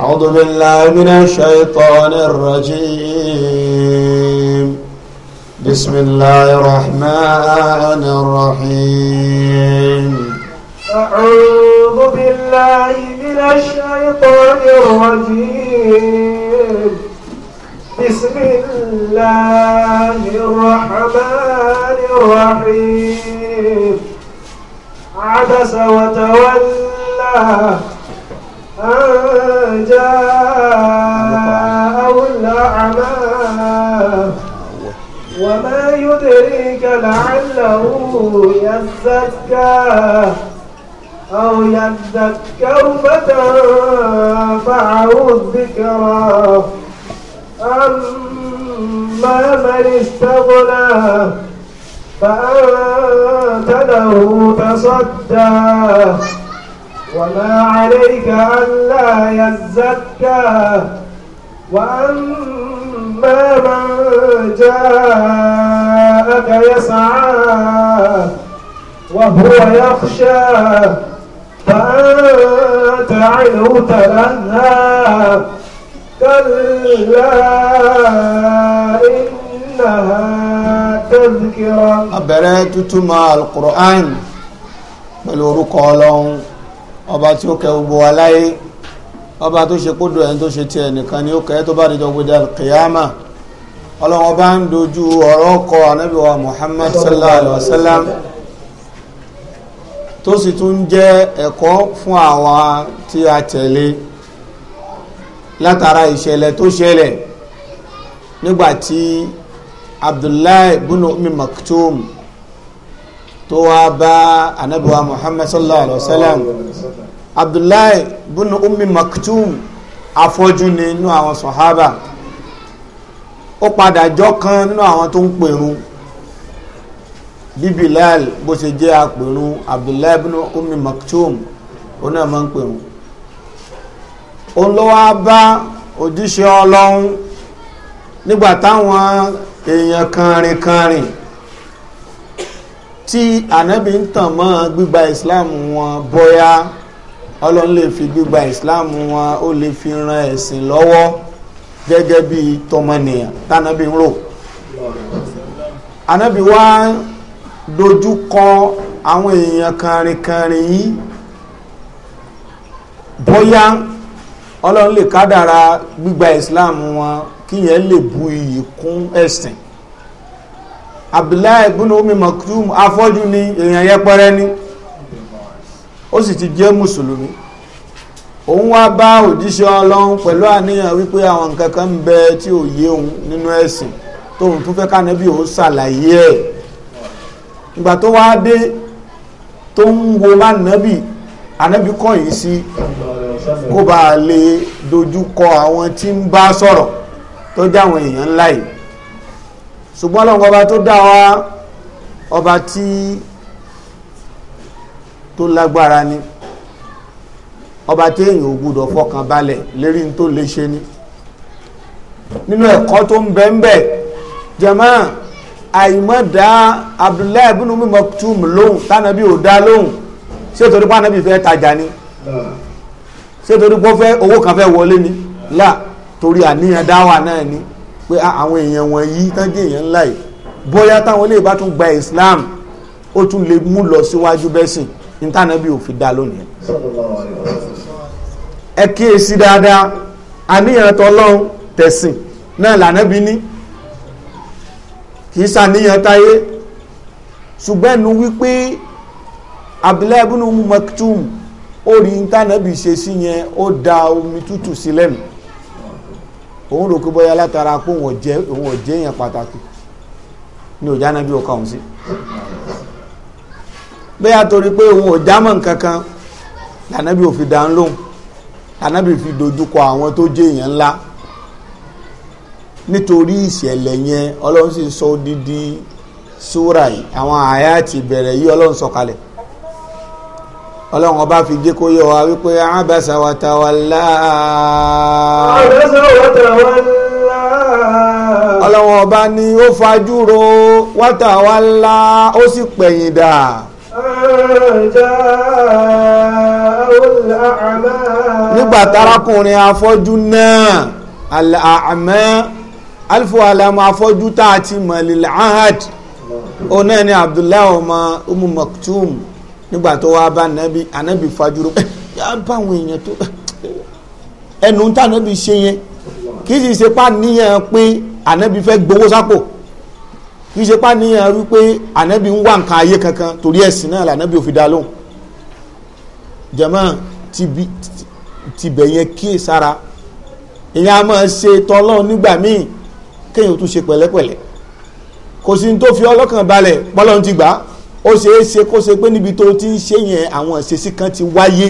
أعوذ بالله من الشيطان الرجيم بسم الله الرحمن الرحيم أعوذ بالله من الشيطان الرجيم بسم الله الرحمن الرحيم عبس وتولى أن جاءه الأعمى وما يدريك لعله يزكى أو يذكر فتنفعه الذكرى أما من استغنى فأنت له تصدى وما عليك ألا يزكى وأما من جاءك يسعى وهو يخشى فأنت عنه تلهى كلا إنها تذكرة أبرأت تما القرآن بل ورقى ọba tí ó kẹ́ gbogbo wa láyé ọba tó ṣe kó do ẹni tó ṣe tiẹ̀ nìkan ni ó kẹ́ tó bá dìjọ gbẹdẹ kìyàmà ọlọ́run ọba ń dojú ọ̀rọ̀ kọ ànábì wa Muhammad sallallahu alayhi wa sallam tó sì tún jẹ́ ẹ̀kọ́ fún àwa tí a tẹ̀lé látara ìṣẹ̀lẹ̀ tó ṣẹlẹ̀ nígbàtí Abdullahi bunu Ummi Maktum tó wá bá anabiwa muhammad sallallahu alaihi wasallam abdullahi bunu ummi maktum afọ́jú ni nínú àwọn sọ̀hábà ó padà jọ kan nínú àwọn tó ń pèrún bí bilal bó ṣe jẹ́ apèrún abdullahi bunu ummi maktum ó náà máa ń pèrún òun ló wá bá òjíṣẹ́ ọlọ́run nígbà táwọn èèyàn kanrin kanrin tí ànábì ń tàn mọ́ gbígba islam wọn bóyá ọlọ́run lè fi gbígba islam wọn ó lè fi ran ẹ̀sìn lọ́wọ́ gẹ́gẹ́ bí tọmọnìyàn tànábì ń rò ànábì wá dojú kọ àwọn èèyàn kànrìnkànrìn yìí bóyá ọlọ́run lè kádàra gbígba islam wọn kíyẹn lè bu iyì kún ẹ̀sìn abdullahi ibn umi maktum afọ́jú ni èèyàn yẹpẹrẹ ni ó sì ti jẹ́ mùsùlùmí òun wá bá òjíṣẹ́ ọlọ́run pẹ̀lú àníyàn wípé àwọn nǹkan kan ń bẹ tí ò yé òun nínú ẹ̀sìn tóun tún fẹ́ kánẹ́bí òun ṣàlàyé ẹ̀ ìgbà tó wá dé tó ń wo bá nàbì ànábì kọ̀ yìí sí kó bá lè dojú kọ àwọn tí ń bá sọ̀rọ̀ tó jáwọn èèyàn ńlá ṣùgbọ́n ọlọ́run ọba tó dá wa ọba tí tó lágbára ni ọba tí èyàn ò gbúdọ̀ fọkàn balẹ̀ lérí ní tó lè ṣe ni nínú ẹ̀kọ́ tó ń bẹ ń bẹ jàmá àìmọ́dá Abdullahi ibn Ummi Maktum lóhùn tánàbí ò dá lóhùn ṣé torí pánàbí fẹ́ tajà ni ṣé torí pé owó kan fẹ́ wọlé ni là torí àníyàn dáwà náà ni pé ah, àwọn èèyàn wọ̀nyí tán jẹ́ èèyàn ńlá yìí bóyá táwọn lè bá tún gba Islam ó tún lè mú lọ síwájú bẹ́sìn ìtànàbí ò fi dá lónìí ẹ kíyèsí dáadáa àníyàn tọlọ́run tẹ̀sìn náà lànàbí ní kìí sàníyàn táyé ṣùgbọ́n nu wípé Abdullahi ibn Maktum ó rí ìtànàbí ṣe sí yẹn ó da omi tútù sí lẹ́nu òun rò pé bóyá látara pé òun jẹ́ òun jẹ́ èèyàn pàtàkì ní òjá náà bí ó kàún sí bóyá torí pé òun ò jámọ̀ nǹkan kan lànàbí ò fi dán lóhùn lànàbí fi dojúkọ àwọn tó jẹ́ èèyàn ńlá nítorí ìṣẹ̀lẹ̀ yẹn ọlọ́run sì sọ odidi súra yìí àwọn àyà ti bẹ̀rẹ̀ yìí ọlọ́run sọ kalẹ̀ ọlọ́run ọba fi jẹ́ kó yé wa wípé abasa wa tawalla. abasa wa tawalla. ọlọ́run ọba ni ó fajúro wa tawalla ó sì pẹ̀yìn dà. nígbà tarakùnrin afọ́jú náà al-a'ma alifu alamu afọ́jú tá a ti mọ̀ lil ahad ọ̀nà ni abdullahi ọmọ umu maktum nígbà tó wá bá nàbí ànábì fajúro eh, yà á bá àwọn èèyàn tó eh, ẹnu tá ànábì ṣe yẹn kì í sì ṣe pa níyàn pé ànábì fẹ́ gbowó sápò kì í ṣe pa níyàn wípé ànábì ń wá nǹkan ayé kankan torí ẹ̀sìn náà lànábì ò dá lóhùn jama tibẹ̀ yẹn kíyè sára ìyẹn máa ṣe tọ́lọ́ nígbà míì kéèyàn tún ṣe pẹ̀lẹ́pẹ̀lẹ́ kò sí ní tó fi ọlọ́kàn balẹ̀ pọ́lọ́run ti gbà á ó ṣeé ṣe kó ṣe pé níbi tó ti ń ṣe yẹn àwọn ìṣesí kan ti wáyé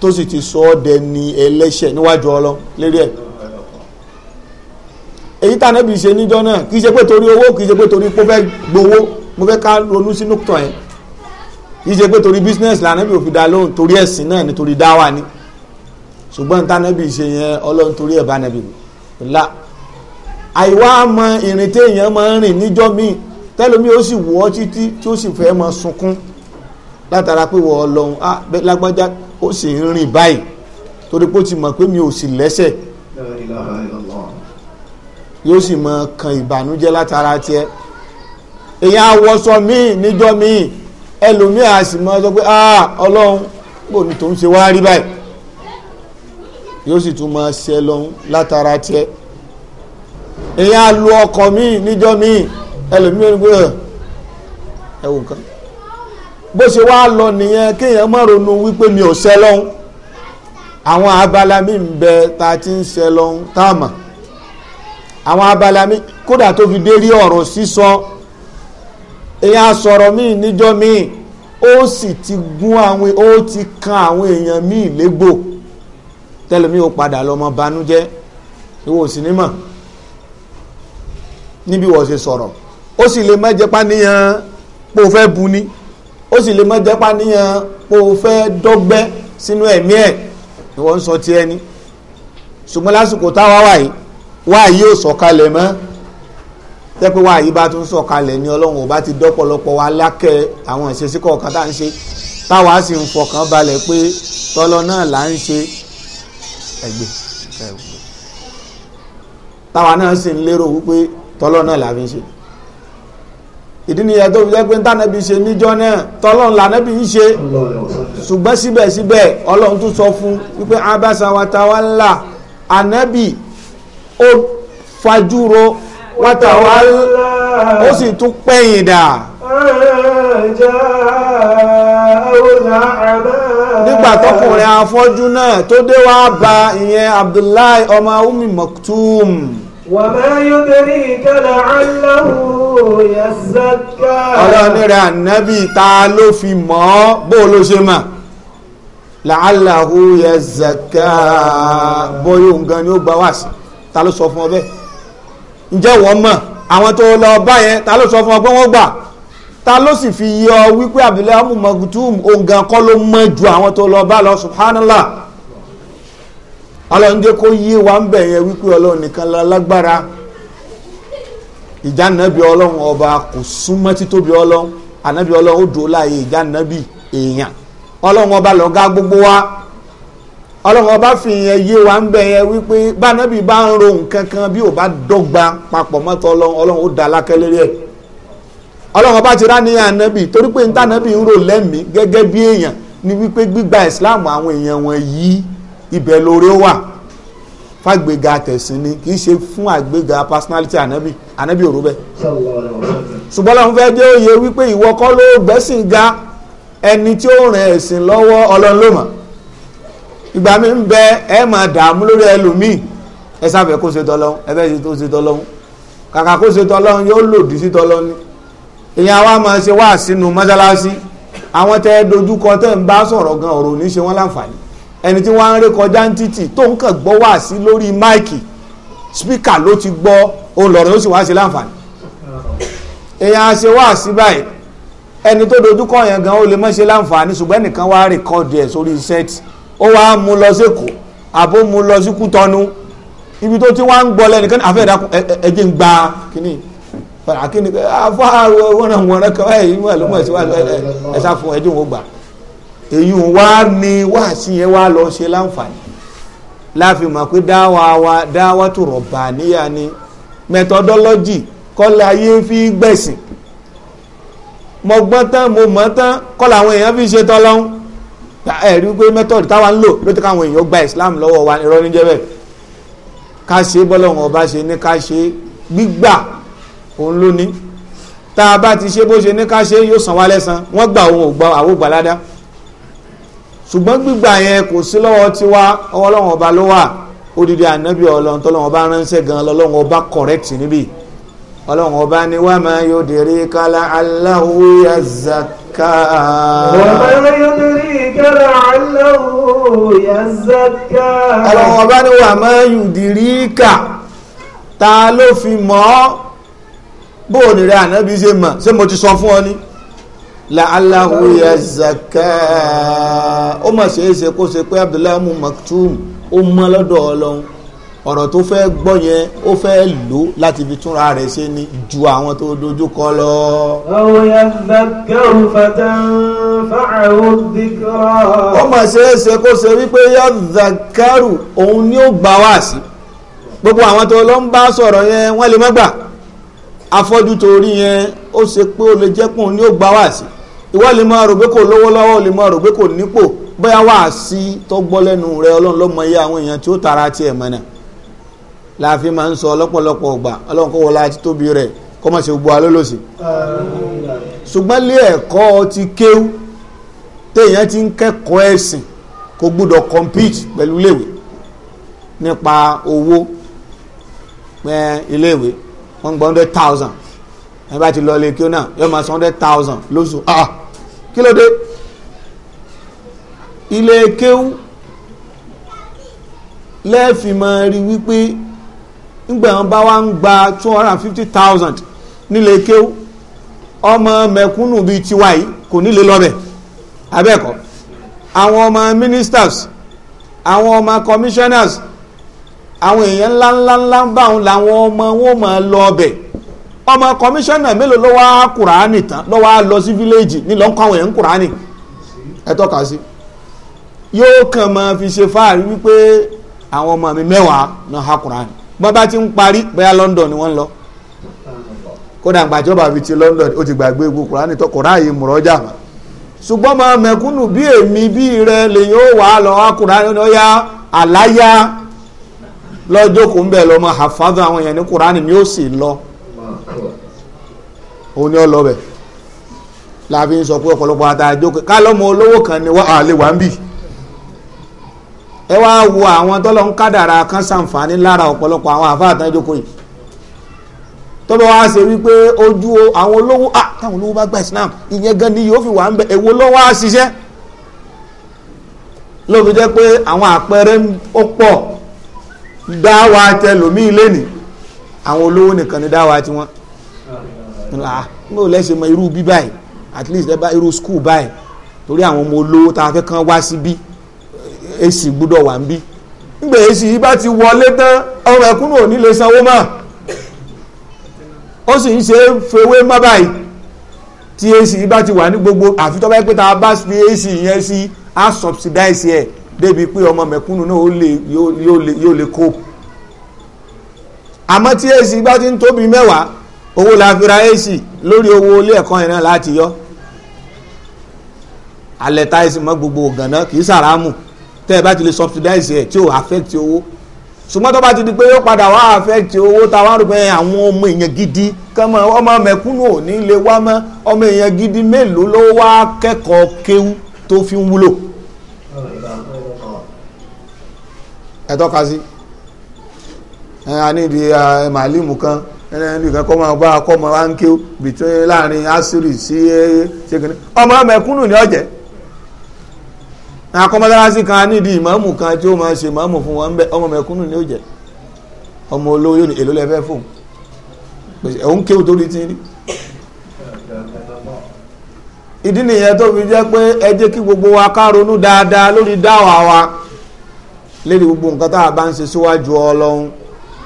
tó sì ti sọ ọ́ dẹni ẹlẹ́ṣẹ̀ níwájú ọlọ́ lérí ẹ̀ èyí tànàbì ṣe níjọ́ náà kì í ṣe pé torí owó kì í ṣe pé torí pé ó fẹ́ gbowó mo fẹ́ ká ronú sínú tọ̀ yẹn kì í ṣe pé torí business lànàbì ò fi dá lóhùn torí ẹ̀sìn náà ni torí dáwà ni ṣùgbọ́n tànàbì ṣe yẹn ọlọ́run torí ẹ̀ bá nàbì la àìwá mọ ìrìn téèyàn máa ń rìn níjọ́ míì tẹ́lómi ó sì wọ́ títí tí ó sì fẹ́ máa sunkún látara pé wọ́n ọlọ́run á ah, lágbájá ó sì ń rìn báyìí torí pé ó ti mọ̀ pé mi ò sì lẹ́sẹ̀ yóò sì mọ kan ìbànújẹ́ látara tiẹ̀ èyàn awọsọ míì níjọ́ míì ẹlòmíì á sì mọ sọ pé ah ọlọ́run kò ní tó ń ṣe wá rí báyìí yóò sì tún máa ṣe lọ́hún látara tiẹ̀ èyàn á lu ọkọ̀ míì níjọ́ míì ẹlòmíràn pé ẹ wò nǹkan bó ṣe wá lọ nìyẹn kéèyàn má ronú wípé mi ò ṣẹ lọ́hún àwọn abala mi ń bẹ ta ti ń ṣẹ lọ́hún tá a mọ̀ àwọn abala mi kódà tó fi dé rí ọ̀rọ̀ sísọ èèyàn sọ̀rọ̀ míì níjọ́ míì ó sì ti gún àwọn ó ti kan àwọn èèyàn míì légbò tẹlẹmí ó padà lọ́mọ banújẹ́ ìwọ ní mọ̀ níbi wọ́n ṣe sọ̀rọ̀ ó sì lè má jẹ́ pàníyàn pò fẹ́ bu ni ó sì lè má jẹ́ pàníyàn pò fẹ́ dọ́gbẹ́ sínú ẹ̀mí ẹ̀ ni wọ́n ń sọ ti ẹni ṣùgbọ́n lásìkò táwa wà yìí wà yìí ò sọ̀kalẹ̀ mọ́ jẹ́ wà yìí bá tún sọ̀kalẹ̀ ni ọlọ́run ò ti dọ́pọ̀lọpọ̀ wa lákẹ́ àwọn ìṣesí kọ̀ọ̀kan tá à ń ṣe táwa sì ń fọkàn balẹ̀ pé tọ́lọ náà là ń ṣe ẹgbẹ́ táwa náà sì ń lérò wípé tọ́lọ náà là ń ṣe ìdí nìyẹn tó fi jẹ́ pé ntànẹ́bí ṣe níjọ́ náà tọ́lọ́n lànẹ́bí ń ṣe ṣùgbọ́n síbẹ̀síbẹ̀ ọlọ́run tún sọ fún wípé abasa watawala ànẹ́bí ó fajúro watawala ó sì tún pẹ̀yìn dà. nígbà tọkùnrin afọ́jú náà tó dé wá ba ìyẹn Abdullahi ọmọ Ummi Maktum. وما يدريك لعله يزكى ọlọ́ni rẹ̀ ànábì ta ló fi mọ̀ ọ́ bó ló ṣe mọ̀ làálàhù yẹzẹkà bóyá nǹkan ni ó gba wá sí ta ló sọ fún ọ bẹ́ẹ̀ ǹjẹ́ wọ́n mọ̀ àwọn tó lọ bá yẹn ta ló sọ fún ọ pé wọ́n gbà ta ló sì fi yọ wípé abdullahi mumagutum òǹgàn kọ́ ló mọ̀ ju àwọn tó lọ bá lọ subhanallah ọlọ́njẹ́ kó yí wa ń bẹ̀ yẹn wípé ọlọ́run nìkan lágbára ìjánabi ọlọ́run ọba kò súnmọ́ títóbi ọlọ́run ànábi ọlọ́run ó dúró láàyè ìjánabi èèyàn ọlọ́run ọba lọ́gá gbogbo wa ọlọ́run ọba fi yẹn wa ń bẹ̀ yẹn wípé bá ń ro nǹkan kan bí ò bá dọ́gba papọ̀ ọba ti rá ní torí pé ní ibẹ̀ lóore wà fàgbéga tẹ̀sìn ni kì í ṣe fún àgbéga personality ànábì ànábì òru bẹ́ẹ̀. ṣùgbọ́n lọ́n fẹ́ dé òye wípé ìwọ kọ́ ló gbẹ́sìn ga ẹni tí ó rìn ẹ̀sìn lọ́wọ́ ọlọ́run ló mọ̀ ìgbà mi ń bẹ ẹ máa dààmú lórí ẹlòmíì ẹ sáfẹ́ kó ṣe tọ́lọ́hún ẹ fẹ́ ṣe tó ṣe tọ́lọ́hún kàkà kó ṣe tọ́lọ́hún yóò lòdì sí tọ́lọ́hún ni èèyàn wa máa ṣe wá sínú mọ́ṣáláṣí àwọn tẹ́ dojúkọ tẹ́ ń bá sọ̀rọ̀ gan ọ̀rọ̀ ò ní ṣe wọ́n láǹfààní ẹni tí wọ́n á ń rékọjá ń títì tó ń kàn gbọ́ wá sí lórí máìkì spíkà ló ti gbọ́ òun lọ̀rọ̀ ó sì wá sí láǹfààní èèyàn á ṣe wá sí báyìí ẹni tó dojúkọ yẹn gan ó lè má ṣe láǹfààní ṣùgbọ́n ẹnìkan wá rékọ́dì ẹ̀ sórí sẹ́ẹ̀tì ó wá mú lọ sékòó àbó mú lọ sí kútọ́nú ibi tó ti wá ń gbọ́ lẹ́nìkan àfẹ́ ìdákùn ẹ̀jẹ̀ ń gba kínní àkínní àfọ́ àwọn ọ̀rọ̀ kan ẹ̀ ìmọ̀ ló mọ̀ sí wà ẹ̀ṣá fún ẹ̀jẹ̀ òun ó gbà èyí ń wá ní wáàsí yẹn wá lọ ṣe láǹfààní láàfin mọ̀ pé dáwà dáwà tó rọ̀bà níyà ni methodology kọ́lá ayé fi gbẹ̀sìn mo gbọ́n tán mo mọ̀ tán kọ́lá àwọn èèyàn fi ṣe tán lọ́hún ẹ̀rí pé method táwa ń lò ló ti káwọn èèyàn gba Islam lọ́wọ́ wa irọ́ níjẹ́ bẹ́ẹ̀ ká ṣe bọ́lọ́hún ọba ṣe ní ká ṣe gbígbà òun ló tá a bá ti ṣe bó ṣe ní ká ṣe yóò san wa lẹ́san wọ́n gbà òun ò gbà àwọn ládàá ṣùgbọ́n gbígbà yẹn kò sí lọ́wọ́ tiwa ọwọ́ Ọlọ́run ọba ló wà odidi ànábì Ọlọ́run tó lọ́wọ́ bá ránṣẹ́ gan lọ́wọ́ ọba correct níbí Ọlọ́run ọba ni wà máa yóò dèrè kálá Allahu yazaka. Ọlọ́run ọba ni wà máa yóò dèrè ká ta ló fi mọ́ bóòlù rẹ̀ ànábì ṣe mọ̀ ṣé mo ti sọ fún ọ ni la'allahu yazakka ó mà ṣe é ṣe kó ṣe pé abdullahi mu maktum ó mọ lọ́dọ̀ ọlọ́run ọ̀rọ̀ tó fẹ́ gbọ́ yẹn ó fẹ́ lò láti fi túnra rẹ̀ ṣe ni ju àwọn tó dojú kọ lọ. àwọn yàgbàgbẹ́rù fatanfàáwò dìkọ́. ó mà ṣe é ṣe kó ṣe wípé yàgbàgbẹ́rù òun ni ó gbà wá sí gbogbo àwọn tó lọ ń bá sọ̀rọ̀ yẹn wọ́n lè má gbà afọ́jú torí yẹn ó ṣe pé ó lè jẹ́kùn ni ó gbà wá sí ìwọ lè máa rò pé kò lówó lọ́wọ́ lè máa rò pé kò nípò bóyá wàá sí tọ́gbọ́ lẹ́nu rẹ ọlọ́run lọ́mọ iye àwọn èèyàn tí ó tara tiẹ̀ mọ́nà láàfin máa ń sọ lọ́pọ̀lọpọ̀ ọgbà ọlọ́run kó wọlá ti tóbi rẹ̀ kọ́ mọ̀ sí gbogbo alólòsì. ṣùgbọ́n lé ẹ̀kọ́ ti kéwú téèyàn ti ń kẹ́kọ̀ọ́ ẹ̀sìn kò gbúdọ̀ compete pẹ̀lú iléèwé nípa owó pẹ́ iléèwé wọ́n hundred thousand ẹ bá ti lọ ilé kí ó náà yóò máa san hundred thousand lóṣù ah kí ló dé ilé kéwú lẹ́ẹ̀fì máa rí wípé ńgbà wọn bá wá ń gba two hundred and fifty thousand nílé kéwú ọmọ mẹ̀kúnnù bíi tiwa yìí kò nílé lọ́bẹ̀ abẹ́ẹ̀kọ́ àwọn ọmọ ministers àwọn ọmọ commissioners àwọn èèyàn ńláńláńlá báwọn làwọn ọmọ wọn máa lọ ọbẹ̀ ọmọ kọmíṣánná mélòó ló wá kùránì tán ló wá lọ sí fíléèjì ní lọ́nkọ́ àwọn èèyàn kùránì ẹ tọ́ka sí yóò kàn máa fi ṣe fáàrí wípé àwọn ọmọ mi mẹ́wàá náà ha kùránì bọ́n bá ti ń parí bóyá London ni wọ́n lọ kódà gbàjọba fi ti London ó ti gbàgbé ewu kùránì tó kò ráàyè mùrọ́jà mọ́ ṣùgbọ́n máa mẹ̀kúnnù bí èmi bí rẹ lèyìn ó wà á lọ wá kùránì ó yá àláyá lọ́jọ́ kò ń bẹ̀ lọ́mọ àfáàdùn àwọn èèyàn ní kùránì ni ó sì lọ òun ni ó lọ bẹ̀ láàfi ń sọ pé ọ̀pọ̀lọpọ̀ àtàjókè ká lọ́mọ olówó kan ni wọ́n á lè wá ń bì ẹ wá wo àwọn kan sàǹfààní lára ọ̀pọ̀lọpọ̀ àwọn àfáà tán jókòó yìí tọ́bọ̀ wá ṣe wípé ojú àwọn olówó ah táwọn olówó bá gba Islam ìyẹn gan ni yóò fi wà ń bẹ èwo ló wá ṣiṣẹ́ ló fi jẹ́ pé àwọn àpẹẹrẹ ó pọ̀ àwọn olówó ńlá ní òun lẹ́sẹ̀ mọ irú bí báyìí at least lẹ́bàá irú school báyìí torí àwọn ọmọ olówó tá a fẹ́ kán wá síbí èsì gbúdọ̀ wà ń bí nígbà èsì yìí bá ti wọlé tán ọmọ ẹ̀kúnnù ò ní lè sanwó mọ́ ó sì ń ṣe é fewé mọ́ báyìí tí èsì yìí bá ti wà ní gbogbo àfi tó bá pé tá a bá fi èsì yẹn sí á subsidize ẹ̀ débi pé ọmọ mẹ̀kúnnù náà yóò lè kó àmọ́ tí èsì bá ti ń tóbi mẹ́wàá owó la fi ra ac lórí owó ilé ẹ̀kọ́ yẹn náà láti yọ alẹ́ táìsì mọ́ gbogbo gànà kì í sàrámù tẹ́ ẹ bá ti lè subsidize ẹ̀ tí ò affect owó ṣùgbọ́n bá ti di pé yóò padà wá affect owó ta wá rò àwọn ọmọ èèyàn gidi kọ́mọ ọmọ mẹ̀kúnnù ò ní lè wá mọ́ ọmọ èèyàn gidi mélòó ló wá kẹ́kọ̀ọ́ kéwú tó fi ń wúlò ẹ tọ́ka sí ẹ a ní di kan ẹnìkan kọ́ máa bá akọ́ máa ń kíw bìtẹ́ láàrin asiri sí ṣẹ́gun ọmọ mẹ̀kúnnù kan nídìí kan tí ó máa ṣe fún wọn ọmọ mẹ̀kúnnù ni ọ̀jẹ̀ ọmọ olówó yóò ní èlò fún òun ti rí ìdí nìyẹn tó fi jẹ́ pé ẹ jẹ́ kí gbogbo wa ká ronú dáadáa lórí dáwà wa lérí gbogbo nǹkan tá a bá ń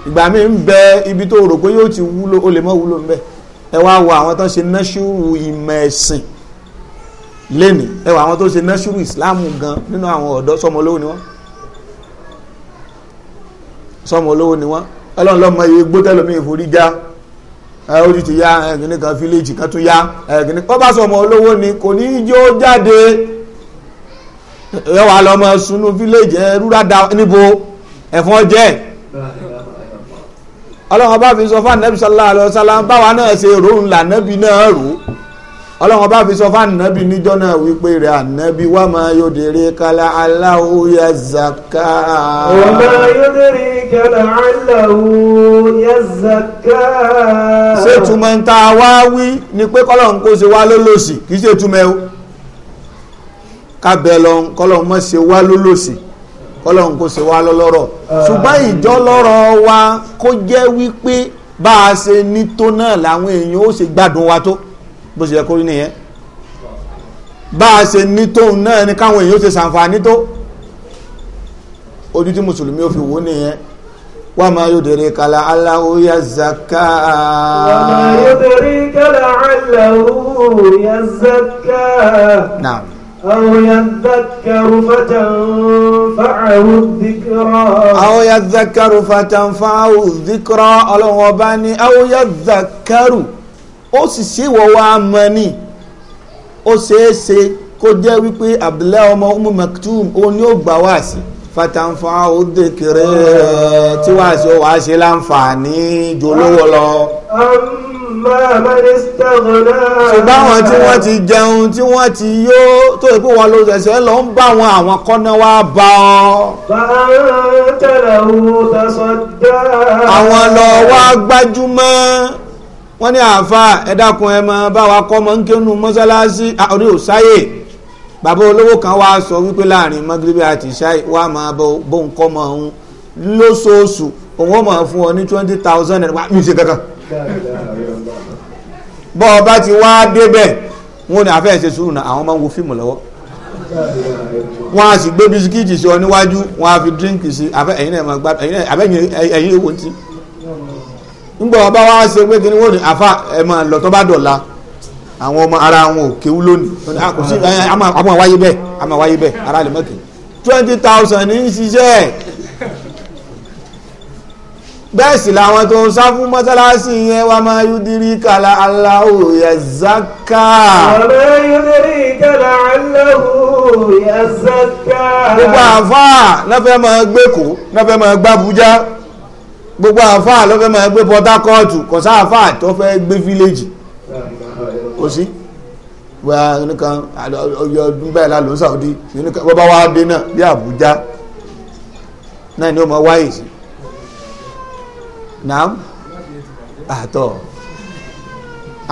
ìgbà mi ń bẹ ibi tó rò pé yóò ti wúlò ó lè mọ́ wúlò ń bẹ ẹ wá wo àwọn tó ń ṣe nẹ́ṣúrù ìmọ̀ ẹ̀sìn lẹ́nì ẹ wọ àwọn tó ṣe nẹ́ṣúrù ìsìláàmù gan nínú àwọn ọ̀dọ́ sọmọ olówó ni wọ́n sọmọ olówó ni wọ́n ọlọ́run lọ́mọ iye gbó tẹ́lómi ìforí já ẹ ojú ti ya ẹ̀gìnì kan fíléèjì kan tún ya ẹ̀gìnì kọ́ bá sọmọ olówó ni kò ní í jó jáde ẹ wà lọ́mọ sunú fíléèjì ẹ rúra da níbo ẹ̀fọn jẹ́ ẹ̀ ọlọ́run bá fi sọ fún anabi sallallahu alayhi wa sallam báwa náà ṣe rò ń là nábì náà rò ọlọ́run bá fi sọ fún anabi níjọ́ náà wípé rẹ̀ anabi wà máa yóò dèrè kálá aláwo yẹ zaka. wà máa yóò dèrè kálá aláwo yẹ zaka. ṣé túmọ̀ ń ta wá wí ni pé kọ́lọ́run kó ṣe wá lólòsì kì í ṣe túmọ̀ ẹ́ o kábẹ́ lọ kọ́lọ́run mọ̀ ṣe wá lólòsì kọ́lọ́hún kó ṣe wá lọ́lọ́rọ̀ ah. ṣùgbọ́n ìjọlọ́rọ̀ wa kó jẹ́ wípé bá a ṣe ní tó náà làwọn èèyàn ó ṣe gbádùn wa tó bó ṣe yẹ kó rí nìyẹn bá a ṣe ní tóun náà ni káwọn èèyàn ó ṣe ṣàǹfààní tó ojú tí mùsùlùmí ó fi wò nìyẹn wa ma yudrika la'allahu yazakka. wa ma yudrika la'allahu yazakka. naam. أو يذكر فتنفعه الذكرى أو يذكر فتنفعه الذكرى ọlọ́run ọba ní أو يذكر ó sì ṣe ìwọ wa mọ̀ ni ó ṣeé ṣe kó jẹ́ wípé Abdullahi ọmọ Umu Maktum ó ní ó gbà wá sí fatanfa'u dhikra tí wàá ṣe wàá ṣe láǹfààní jòlówó lọ ṣùgbọ́n àwọn tí wọ́n ti jẹun tí wọ́n ti yó tó ìpé wọn ló ṣẹ̀ṣẹ̀ lọ ń bá wọn àwọn kọ́nà wá bá ọ. àwọn lọ wá gbájúmọ́ wọ́n ní àáfà ẹ dákun ẹ mọ bá wa kọ́ mọ́ ń kéwọ́nù mọ́sálásí orí òsáyè bàbá olówó kan wá sọ wípé láàrin mọ́gíríbí àti ìṣáì wá máa bó ń kọ́ mọ́ òun lóṣooṣù òun ó máa fún ọ ní twenty thousand naira wá mi ṣe kankan. bọ́ ọba ti wá débẹ̀ wọn ni àfẹ́ ṣe sùúrù náà àwọn máa ń fíìmù lọ́wọ́ wọn a sì gbé bisikíìtì sí ọ níwájú wọn a fi díríǹkì sí àfẹ́ ẹ̀yin ti ọba wa ṣe pé ni àfa ọmọ ara wọn ò kéwú lónìí àwáyé bẹ́ẹ̀ ara lè twenty thousand bẹ́ẹ̀ sì làwọn tó ń sá fún mọ́sálásí yẹn wà máa yúdírí kàlà aláwò yẹ zaka. ọ̀rẹ́ yúdírí kàlà aláwò yẹ zaka. gbogbo àfáà lọ́fẹ́ máa gbé kó lọ́fẹ́ máa gbá Abuja gbogbo àfáà lọ́fẹ́ máa gbé Port Harcourt kò sá àfáà tó fẹ́ gbé fíléèjì kò sí wà nìkan ọyọ ọdún bẹ́ẹ̀ la lọ Saudi nìkan bọ́ bá wá dé náà bí Abuja náà ni ó máa wáyé sí naam àtọ̀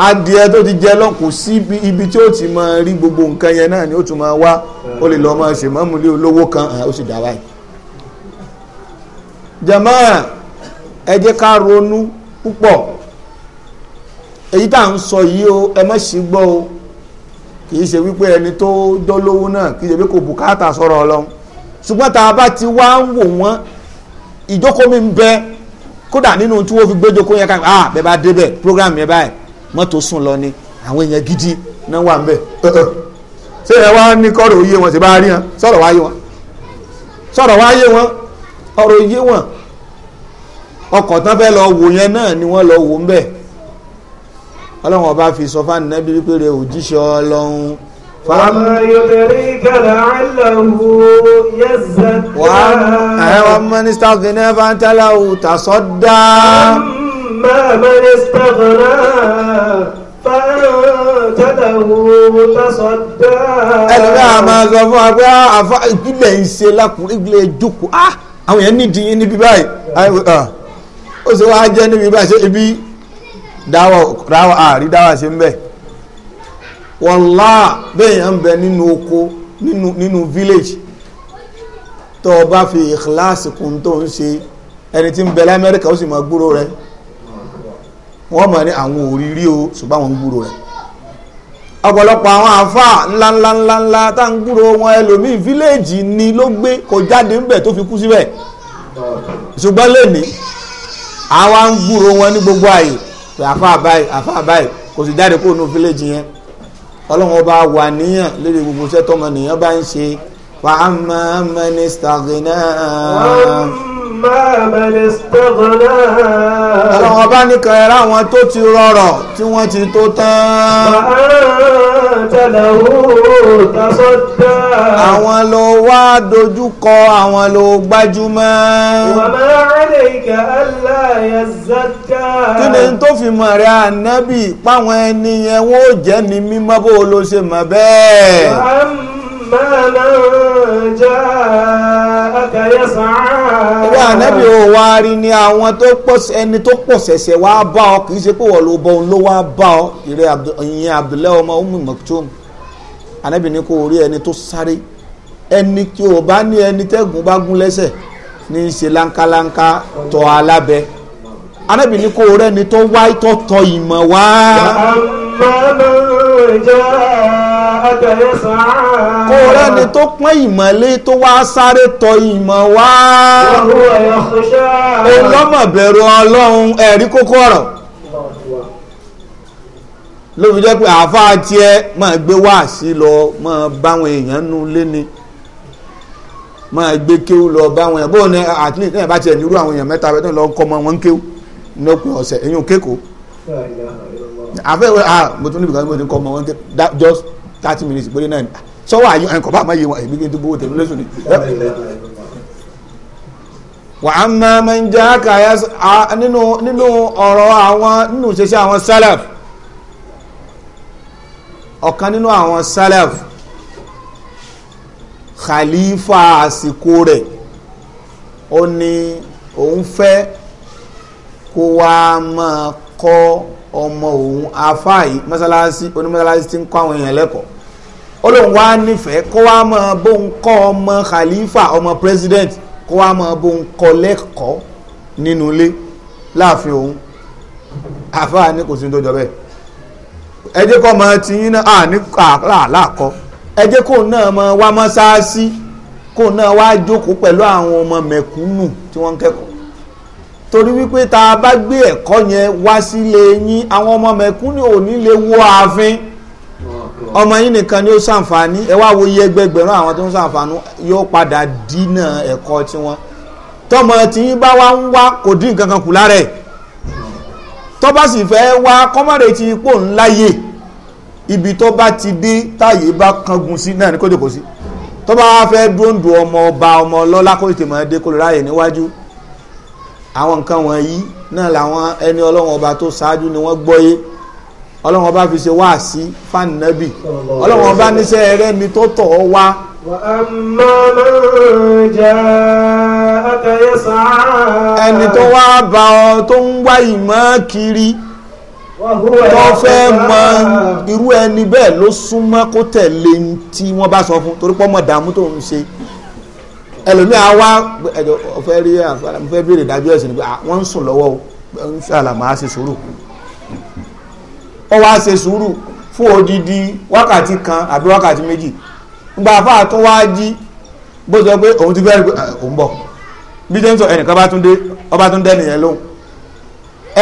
adìẹ tó ti jẹ lọ́kùn sí ibi tí ó ti máa rí gbogbo nǹkan yẹn náà ni ó tún máa wá ó lè lọ́ọ́ máa ṣèmọ́mùlé olówó kan ó sì dá báyìí jamaa ẹ jẹ́ ká ronú púpọ̀ èyí tá à ń sọ yìí o ẹ má ṣì gbọ́ o kì í ṣe wípé ẹni tó dọ́lówó náà kì í ṣe pé kò bùkátà sọ̀rọ̀ ọlọ́run ṣùgbọ́n tá a bá ti wá ń wò wọ́n ìjókòó mi ń bẹ kódà nínú tí wọ́n fi gbẹ́jọ kó yẹn ká ah bẹ́ẹ̀ bá débẹ̀ program yẹn báyìí mọ́tò sùn lọ ni àwọn èèyàn gidi náà wà ń bẹ̀ eh, eh. ṣé ẹ wá ní kọ́rọ̀ òye wọn sì bá rí wọn sọ̀rọ̀ wá yé wọn sọ̀rọ̀ wá yé wọn ọ̀rọ̀ òye wọn ọkọ̀ tán fẹ́ lọ wò yẹn náà ni wọ́n lọ wò ń bẹ̀ ọlọ́run ọba fi sọ fáànù náà bí òjíṣẹ́ ọlọ́run وما يدريك لعله يزكى ومن استغنى فأنت له تصدى أما من استغنى فأنت له تصدى ẹlẹ́dàá a máa sọ fún wa pé àfa ìpínlẹ̀ ìṣe lákùnrin ìpínlẹ̀ ìjókòó ah àwọn yẹn nídìí yín níbi báyìí ó sì wá jẹ́ níbi báyìí ṣé ibi dáwọ̀ àrí dáwà ṣe ń bẹ̀ wàláà bẹ́ẹ̀yàn ń bẹ nínú oko nínú village tó bá fi ìkìláàsì kún tó ń ṣe ẹni tí ń bẹ lamẹ́ríkà ó sì máa gbúrò rẹ̀ wọ́n mọ̀ ní àwọn òrírí o ṣùgbọ́n àwọn ń gbúrò rẹ̀ ọ̀pọ̀lọpọ̀ àwọn àfà ńláńláńláńlá tá ń gbúrò wọn ẹlòmíì fíléèjì ni ló gbé kò jáde ńbẹ̀ tó fi kú síbẹ̀ ṣùgbọ́n lónìí àwa ń gbúrò wọn ní gbogbo àyè àfà àbáyé àfà àbáyé kò sì jáde kó nu fíléèjì yẹn ọlọ́run ọba wà níyàn lórí gbogbo iṣẹ́ tọmọnìyàn bá ń ṣe wàhámà mẹ́nísítà gínà ọlọ́wọ́n bá nìkan ẹ̀rá àwọn tó ti rọrọ̀ tí wọ́n ti tó tán. àwọn ló wá dojúkọ àwọn ló gbájúmọ́. kí ni tó fi mọ̀ rẹ̀ ànábì páwọn ẹni yẹn wọ́n jẹ́ ní mímọ́ bó ló ṣe mọ̀ bẹ́ẹ̀. Wa من جاءك يسعى wà nẹ́bí o wá rí ni àwọn tó pọ̀ ẹni tó pọ̀ ṣẹ̀ṣẹ̀ wá bá ọ kì í ṣe pé wọ́n ló bọ́ òun ló wá bá ọ ìrẹ́ ìyẹn Abdullahi ọmọ Ummu Maktum anẹ́bí ni kò rí ẹni tó sáré ẹni tí o bá ní ẹni tẹ́gùn bá gún lẹ́sẹ̀ ní ṣe láńkáláńká tọ́ alábẹ anẹ́bí ni kò rẹ́ni tó wá tó tọ ìmọ̀ wá àjẹyẹ sàn. kó rẹ́ni tó pọ́n ìmọ̀lé tó wá sáré tọ ìmọ̀ wá. olọ́mọ̀ bẹ̀rù ọlọ́run ẹ̀rí kókó ọ̀rọ̀ ló fi jẹ́ pé àáfàá tiẹ̀ máa gbé wáàsí lọ máa báwọn èèyàn nu lé ni máa gbé kéwú lọ báwọn èèyàn bóun ní àtúnyìn náà bá tiẹ̀ nírú àwọn èèyàn mẹ́ta bẹ́ẹ̀ tó lọ kọ́ ọmọ wọn kéwú ní òpin ọ̀sẹ̀ èyàn kéko àfẹ́ ah mo tún níbi kan mo ti kọ́ ọmọ wọn kéwú just thirty minutes péré náà sọ́wọ́ àyọ ẹ̀kọ́ bá má yé wọn èmi kí n tó gbowó tèmi lóṣù ni. wà á máa máa ń já kàyà nínú nínú ọ̀rọ̀ àwọn nínú ìṣesẹ́ àwọn sálàf ọ̀kan nínú àwọn sálàf khalifa àsìkò rẹ̀ ó ní òun fẹ́ kó wá máa kọ́ ọmọ òun afáàyí mọ́sálásí onímọ́sálásí ti ń kọ́ àwọn èèyàn lẹ́kọ̀ọ́ ó lóun wá nífẹ̀ẹ́ kó wá máa bóun kọ́ ọmọ khalifa ọmọ president kó wá máa bóun kọ́ lẹ́kọ̀ọ́ nínú ilé láàfin òun àfáà ní kò sí ní tó jọ bẹ́ẹ̀ ẹ jẹ́ kó máa ti yín náà ní àlàkọ́ ẹ jẹ́ kó náà máa wá mọ́sáàsì kó náà wá jókòó pẹ̀lú àwọn ọmọ mẹ̀kúnnù tí wọ́n kẹ́kọ̀ọ́ torí wípé tá a bá gbé ẹ̀kọ́ yẹn wá sílé yín àwọn ọmọ mẹ̀kúnnù ò ní lè wọ ààfin ọmọ yín nìkan ni ó ṣàǹfààní ẹ wá wo iye ẹgbẹgbẹ̀rún àwọn tó ń ṣàǹfààní yóò padà dínà ẹ̀kọ́ tiwọn tọmọ tí yín bá wá ń wá kò dín nǹkan kan kù lára ẹ̀ tó bá sì fẹ́ wá kọ́mọ̀rẹ́ ti pò ń láyè ibi tó bá ti dé táyé bá kangun sí náà ní kó jòkó sí tó bá wá fẹ́ dóńdó ọmọ ọba ọmọ ọlọ́lá kó tèmọ̀ dé kó lè ráyè níwájú àwọn nǹkan wọ̀nyí náà làwọn ẹni ọlọ́run ọba tó ṣáájú ni wọ́n gbọ́yé ọlọ́run ọba fi ṣe wáàsí fáànàbì ọlọ́run ọba níṣẹ́ rẹ̀ mi tó tọ̀ ọ́ wá. ẹni tó wá bá ọ tó ń wá ìmọ̀ kiri tó fẹ́ mọ irú ẹni bẹ́ẹ̀ ló súnmọ́ kó tẹ̀lé tí wọ́n bá sọ fún torí pọ́ mọ̀ dààmú tó ń ṣe ẹlòmí wá ẹjọ ọfẹ rí àfẹ fẹ béèrè dájú wọn ń sùn lọ́wọ́ ń fẹ àlàmà á ṣe sùúrù ó wá ṣe sùúrù fún odidi wákàtí kan àbí wákàtí méjì nígbà àfáà tó wá jí bó sọ pé òun ti fẹ́ òun bọ̀ bí jẹ́ ń sọ ẹnìkan bá tún dé ọba tún dẹ́ nìyẹn lóhùn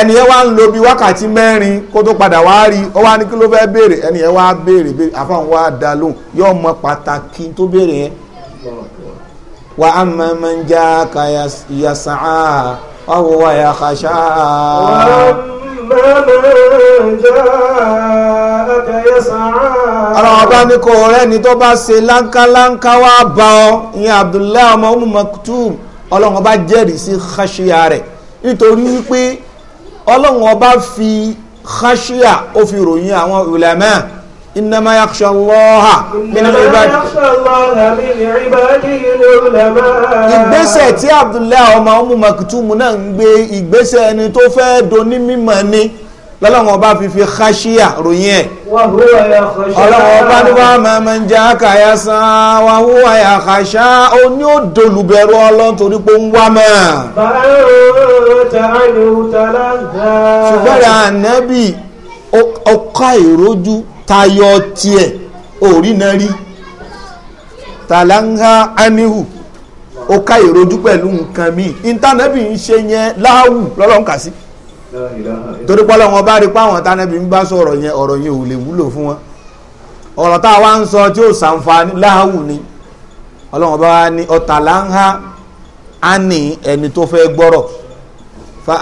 ẹnìyẹn wá ń lo bí wákàtí mẹ́rin kó tó padà wá rí wá ní kí wa amma man jaaka yasaca wa huwa yakhasha. wa amma man jaaka yasaca. ọlọ́wọ́ bá ní kò rẹ́ni tó bá ṣe láńkáláńká wá bá ọ ìyẹn abdullahi ọmọ umu maktum ọlọ́wọ́ bá jẹ́rìí sí khashiya rẹ̀ nítorí wípé ọlọ́wọ́ bá fi khashiya ó fi ròyìn àwọn ulama. إنما يخشى الله من عباده ìgbésẹ̀ tí abdullahi ọmọ ọmọ makitumu náà ń gbé ìgbésẹ̀ ẹni tó fẹ́ doni mímọ̀ ni lọ́lọ́wọ́n ọba fífi khashiya ròyìn ẹ̀ ọlọ́wọ́n ọba ní wàá máa máa ń jẹ́ àkàyà san wàá hùwà yà khasha ó ní ó dolùbẹ̀rù ọlọ́run torí pé ń wá mọ́. ṣùgbọ́n rẹ̀ ànábì ọkọ̀ ìrójú tayọ tiẹ̀ òrí náà rí talanga anihu ó ká ìrojú pẹ̀lú nǹkan míì ìntánẹ́bì ń ṣe yẹn láàwù lọ́lọ́run kà sí torí pé Ọlọ́run bá rí páwọn tánẹ́bì ń bá yẹn ọ̀rọ̀ yẹn ò lè wúlò fún wọn ọ̀rọ̀ tá a wá ń ni Ọlọ́run bá ní ani ẹni tó fẹ́ gbọ́rọ̀ fa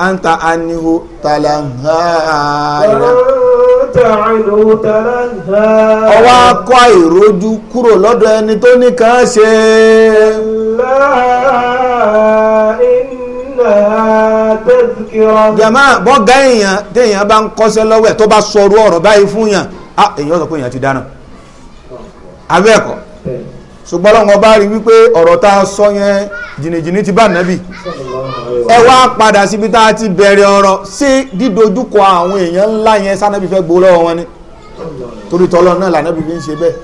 ọwọ́ akọ́ àìrójú kúrò lọ́dọ̀ ẹni tó ní kan ṣe. jama bọ́gá èèyàn téèyàn bá ń kọ́ṣẹ́ lọ́wọ́ ẹ̀ tó bá sọ̀rọ̀ ọ̀rọ̀ báyìí fún yàn èèyàn sọ pé èèyàn ti dáná abẹ́ẹ̀kọ́ ṣùgbọ́n lọ́wọ́ bá rí wípé ọ̀rọ̀ tá a sọ yẹn jìnnìjìnnì ti bá nàbì ẹ wá padà síbi tá a ti bẹ̀rẹ̀ ọ̀rọ̀ sí dídojúkọ àwọn èèyàn ńlá yẹn sànàbì fẹ́ gbowó lọ́wọ́ wọn ni torí tọ́lọ́ náà lànàbì fi ń ṣe bẹ́ẹ̀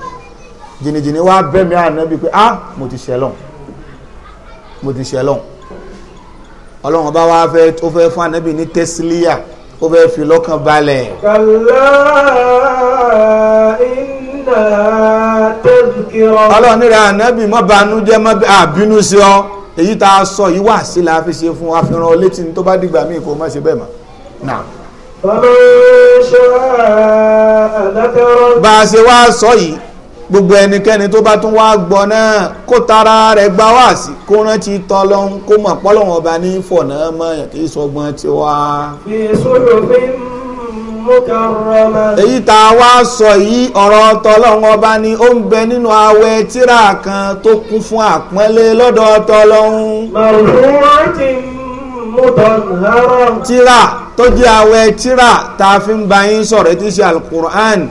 jìnnìjìnnì wá bẹ́mi ànàbì pé ah mo ti ṣẹlọ̀ mo ti ṣẹlọ̀ ọlọ́run bá wá fẹ́ ó fẹ́ fún ànàbì ní tẹ́sílíà ó fẹ́ fi lọ́kàn balẹ̀. kàlá ìnà ọlọ́run níra ànábì mọ́ banú jẹ́ mọ́ àbínú sí ọ èyí tá a sọ yìí wà sí la fi ṣe fún wa fi rán ọ létí ní tó bá dìgbà míì kó má ṣe bẹ́ẹ̀ mọ́ na bá a ṣe wá sọ yìí gbogbo ẹnikẹ́ni tó bá tún wá gbọ́ náà kó tara rẹ̀ gbá wá sí kó rántí tán lọ́hún kó mọ̀ pọ́lọ́wọ́n ọba ní fọ̀nà mọ́ kì í sọgbọ́n tiwa. fi sódò fi ń èyí tá a wá sọ yìí ọ̀rọ̀ tọlọ́run ọba ni ó ń bẹ nínú awẹ tírà kan tó kún fún àpọ́nlé lọ́dọ̀ tọlọ́run. tírà tó jẹ́ awẹ tírà tá a fi ń bá yín sọ̀rọ̀ ẹ ṣe alukur'an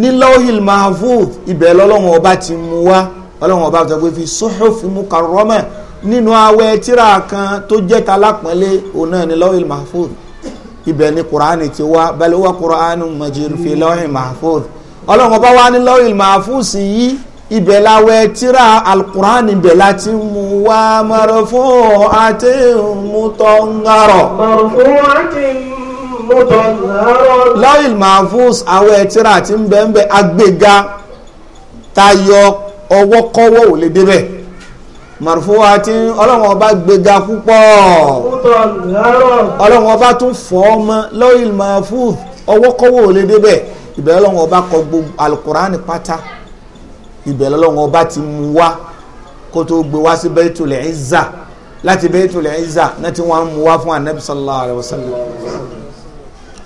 ní lawhil mahfuz ibẹ̀ lọ́lọ́run ọba ti mú wá ọlọ́run ọba tó gbé fi suhuf mukarrama nínú awẹ tírà kan tó jẹ́ ta lápọ́nlé òun náà ní lawhil mahfuz ibẹ̀ ni kuraani ti wá bal huwa kuraani majid fi lawhin mahfuz ọlọ́run ọba wa ní lawhin mahfuz yìí ibẹ̀ la wẹ tíra alukuraani ibẹ̀ la ti mú wá marfu àti mutọ́ngàrọ̀. marfu àti mutọ́ngàrọ̀. lawhin mahfuz awẹ tíra ti ń bẹ́ẹ̀ bẹ́ẹ̀ tayọ ọwọ́kọ́wọ́ ò lè débẹ̀ màrúfúwa tí ọlọ́wọ́n ọba gbéga púpọ̀ ọlọ́wọ́n ọba tún fọ́ ọmọ lọ́yìn màfú ọwọ́kọ́wọ́ ò lè débẹ̀ ìbẹ̀rẹ̀ ọlọ́wọ́n ọba kọ gbogbo alukurani pátá ìbẹ̀rẹ̀ ọlọ́wọ́n ọba ti mú wá kó tó gbé wá sí Baitul Izza láti Baitul Izza náà tí wọ́n mú wá fún anabi sallallahu alayhi wa sallam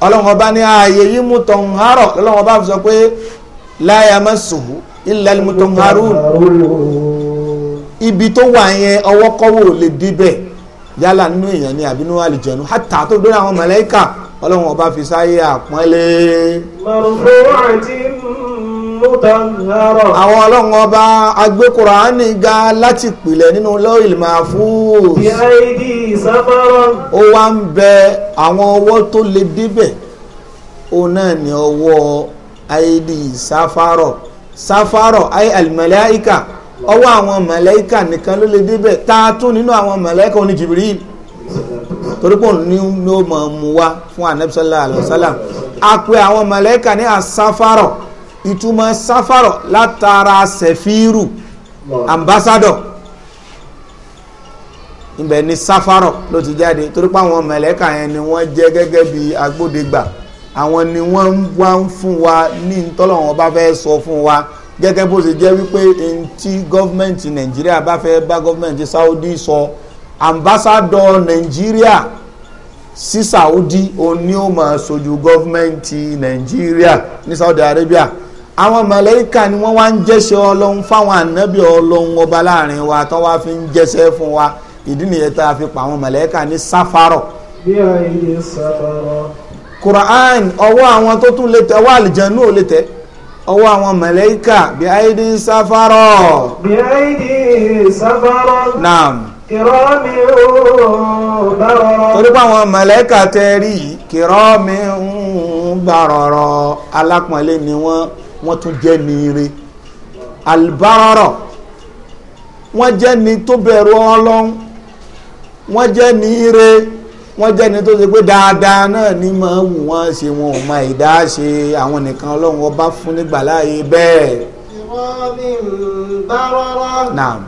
ọlọ́wọ́n ọba ní ààyè yìí mú tọ̀hárọ̀ ọlọ́wọ́n ọba sọ pé la yamassuhu illa al-mutahharun ibi tó wà yẹn ọwọ́ kọ́wọ́ lè débẹ̀ yálà nínú èèyàn ni àbínú àlìjẹnu hàtà tó dórí àwọn mọ̀lẹ́kà ọlọ́run ọba fi sáyé àpọ́nlé. àwọn ọlọ́run ọba agbé kùránì ga láti pìlẹ̀ nínú lọ́ọ̀lì mahfuz. ó wá ń bẹ àwọn ọwọ́ tó lè débẹ̀ òun náà ni ọwọ́ aidi sáfárọ̀ sáfárọ̀ ay al-malaika ọwọ́ àwọn màláíkà nìkan ló lè débẹ̀ tá a tún nínú àwọn màláíkà oní Jibril torí pé òun ní ó mọ̀ mú wá fún Ànábì sallallahu alaihi wasallam a pe àwọn màláíkà ní asáfárọ̀ ìtumọ̀ sáfárọ̀ látara sẹ̀fíìrù ambassadọ̀ ibẹ̀ ni sáfárọ̀ ló ti jáde torí àwọn màláíkà yẹn ni wọ́n jẹ́ gẹ́gẹ́ bí agbódegbà àwọn ni wọ́n wá ń fún wa ní ntọ́lọ́wọ́n bá fẹ́ sọ fún wa gẹ́gẹ́ bó ṣe jẹ́ wípé ntí gọ́fìmẹ̀ntì nàìjíríà bá fẹ́ bá gọ́fìmẹ̀ntì saudi sọ ambassadọ nàìjíríà sí saudi òní ó máa sojú gọ́fìmẹ̀ntì nàìjíríà ní saudi arabia àwọn màláíkà ni wọ́n wá ń jẹ́sẹ̀ ọlọ́run fáwọn ànábì ọlọ́run ọba láàrin wa tó wá fi ń jẹ́sẹ̀ fún wa ìdí nìyẹn tá a fi pa àwọn màláíkà ní sáfárọ̀. bí a yẹ sáfárọ̀. quran ọwọ́ àwọn tó tún lè tẹ̀ ọwọ́ àlìjẹ́ náà lè tẹ̀ ọwọ́ àwọn màláíkà bí àìdí sáfárọ̀. bí àìdí sáfárọ̀. naam. kìrọ́mì ń bàrọ̀rọ̀. torí pé àwọn màláíkà tẹ́ rí kìrọ́mì ń bàrọ̀rọ̀ alápọ̀nlé ni wọ́n wọ́n tún jẹ́ ní ire albarọ̀rọ̀ wọ́n jẹ́ ní tó bẹ̀rù ọlọ́run wọ́n jẹ́ ní ire wọ́n jẹ́ ni tó ṣe pé dáadáa náà ni máa wù wọ́n ṣe wọn ò mọ ìdá ṣe àwọn nìkan ọlọ́run ọba fún nígbà láàyè bẹ́ẹ̀. ìrọ́bì ń bá rọ́rọ́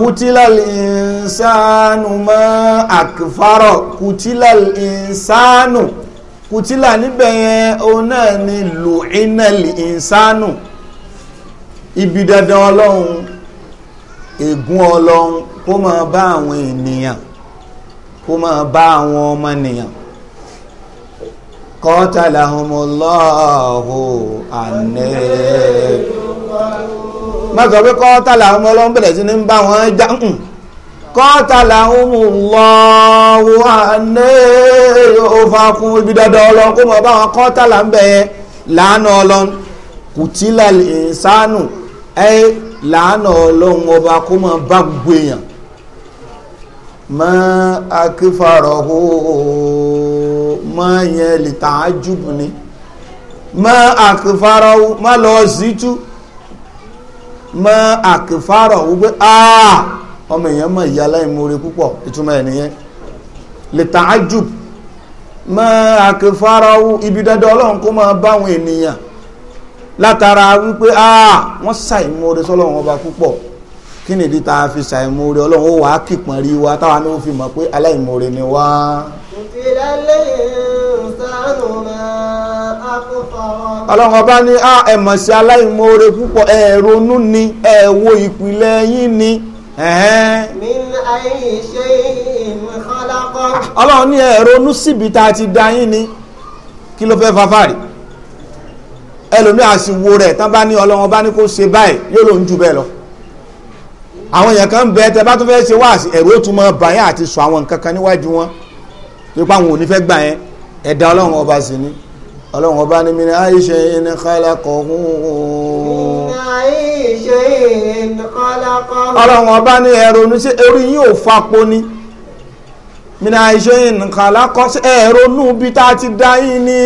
kùtìlá l'insanu ma akfara kùtìlá l'insanu ma níbẹ̀ yẹn òun náà ni lùínà l'insanu ibi dandan ọlọ́run ègún ọlọ́run kó máa bá àwọn ènìyàn kó máa bá àwọn ọmọ nìyàn kọ́tàláhùnmọ́lọ́hù ànẹ́ má sọ pé kọ́tàláhùnmọ́lọ́hù bẹ̀rẹ̀ sí ní bá wọn já ń kọ́tàláhùnmọ́lọ́hù ànẹ́ yóò fa kún ibi dandan ọlọ́run kó máa bá wọn kọ́tàlá ń bẹ̀yẹn lánàá ọlọ́run kùtìlà ìsánù ẹ̀ làánà ọlọ́run ọba kó máa bá gbogbo èèyàn mọ́ akífarọ̀ hóó mọ́ yẹn lè tàá jùbù ni mọ́ akífarọ̀ mọ́ lọ síjú mọ́ akífarọ̀ wípé aaa ọmọ èèyàn mọ̀ ìyá aláìmoore púpọ̀ ìtumọ̀ ẹ̀nìyẹn lè tàá jùbù mọ́ akífarọ̀ ibi dandan ọlọ́run kó máa báwọn ènìyàn látara wípé ah wọ́n ṣàìmoore sọ́lọ́run ọba púpọ̀ kí nìdí tá a fi ṣàìmoore ọlọ́run ó wàá kìpọ̀n rí wa táwa náà fi mọ̀ pé aláìmoore ni wá. ọlọ́run ọba ní ah ẹ mọ̀ sí aláìmoore púpọ̀ ẹ ronú ni ẹ wo ìpìlẹ̀ yín ni. ọlọ́run ní ẹ ronú síbi tá a ti dá yín ni kí ló fẹ́ fafáàrí ẹlòmíì àsìwò rẹ̀ tán bá ní ọlọ́wọ́n bá ní kó ṣe báyìí yóò lòun jù bẹ́ẹ̀ lọ àwọn èèyàn kan bẹ tẹ bá tún fẹ́ ṣe wáàsí ẹ̀rọ ó tún mọ bàyàn àti sọ àwọn nǹkan kan níwájú wọn tó àwọn ò fẹ́ gbà yẹn ẹ̀dá ọlọ́run ọba sì ni ọlọ́run ọba ni mi ni àìṣe ẹni kọ́lá kọ́ hún ọlọ́run ọba ni ẹ̀rọ oníṣe orí yìí ò fapò ni mi ni àìṣe ẹni kọ́lá kọ́ ẹ̀rọ nù bí tá a ti dá yìí ni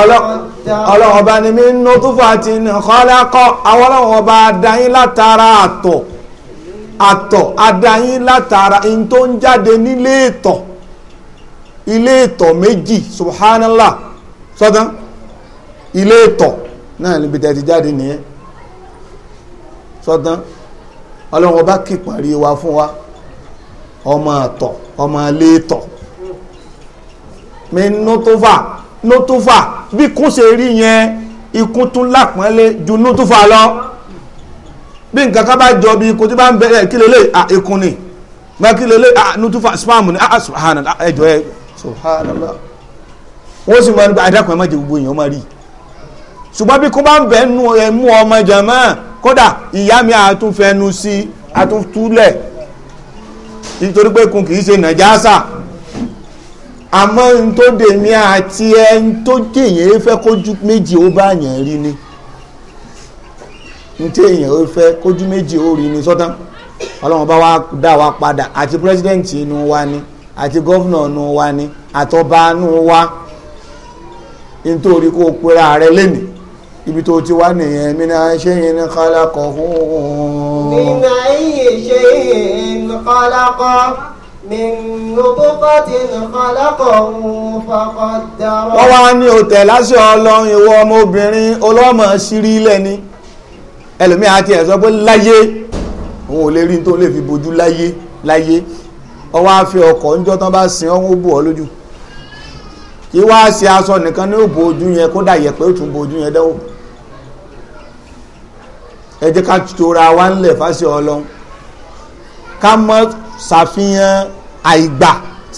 ọlọ́run ọba ni mi nù túfà tí kọ́lákọ́ àwọn ọlọ́run ọba adáyín látara àtọ̀ àtọ̀ adáyín látara in tó ń jáde nílé ìtọ̀ ilé ìtọ̀ méjì subhanallah sọ́tán ilé ìtọ̀ náà níbi tẹ́ ti jáde nìyẹn sọ́tán ọlọ́run ọba kì parí wa fún wa ọmọ àtọ̀ ọmọ ilé ìtọ̀ mi nótófà nótófà bí kún ṣe rí yẹn ikún tún lápọ́nlé ju nótófà lọ bí nǹkan ká bá jọ bí ikú tí bá ń bẹ̀rẹ̀ kí lélẹ̀ à ikún ni gba kí lélẹ̀ à nótófà spam ni à ah, ah, subhanallah ẹjọ ẹ subhanallah wọ́n sì máa ń gba àdàkùn ẹ̀ má jẹ gbogbo èèyàn máa rí ṣùgbọ́n bí kún bá ń bẹ̀ nu ẹ̀mú ọmọ jàmọ́ kódà ìyá mi àtúnfẹ́nu sí àtúntúlẹ̀ nítorí pé kun kì í ṣe nàjásà àmọ́ n tó dèmi àti ẹn tó kéèyàn fẹ́ kójú méjì ó bá yàn rí ni n téèyàn fẹ́ kójú méjì ó rí ni sọ́tán ọlọ́run bá wa dá wa padà àti pírẹ́sidẹ́ǹtì inú wa ni àti gọ́fìnà inú wa ni àtọ́ba inú wa nítorí kó o pera rẹ lẹ́nìí ibi tó ti wá nìyẹn mi náà ṣe yín ní kálákọ̀ọ́. mi náà yìí ṣe yín ní kálákọ̀ọ́ min nutfatin khalaqahu faqaddara. wọ́n wá ní òtẹ̀ láṣẹ ọlọ́run ìwọ ọmọbìnrin ọlọ́mọ ṣírí ilẹ̀ ni ẹlòmíà àti ẹ̀ sọ pé láyé òun ò lè rí tó lè fi bojú láyé láyé ọwọ́ àfi ọkọ̀ níjọ́ tán bá sin ọ́n ó bò ọ́ lójú kí wá ṣe aṣọ nìkan ní òbò ojú yẹn kódà yẹpẹ́ ó tún bo ojú yẹn dẹ́wọ́ ẹ jẹ́ ká tora wa ńlẹ̀ fáṣẹ ọlọ́run ká mọ́ ṣàfihàn àìgbà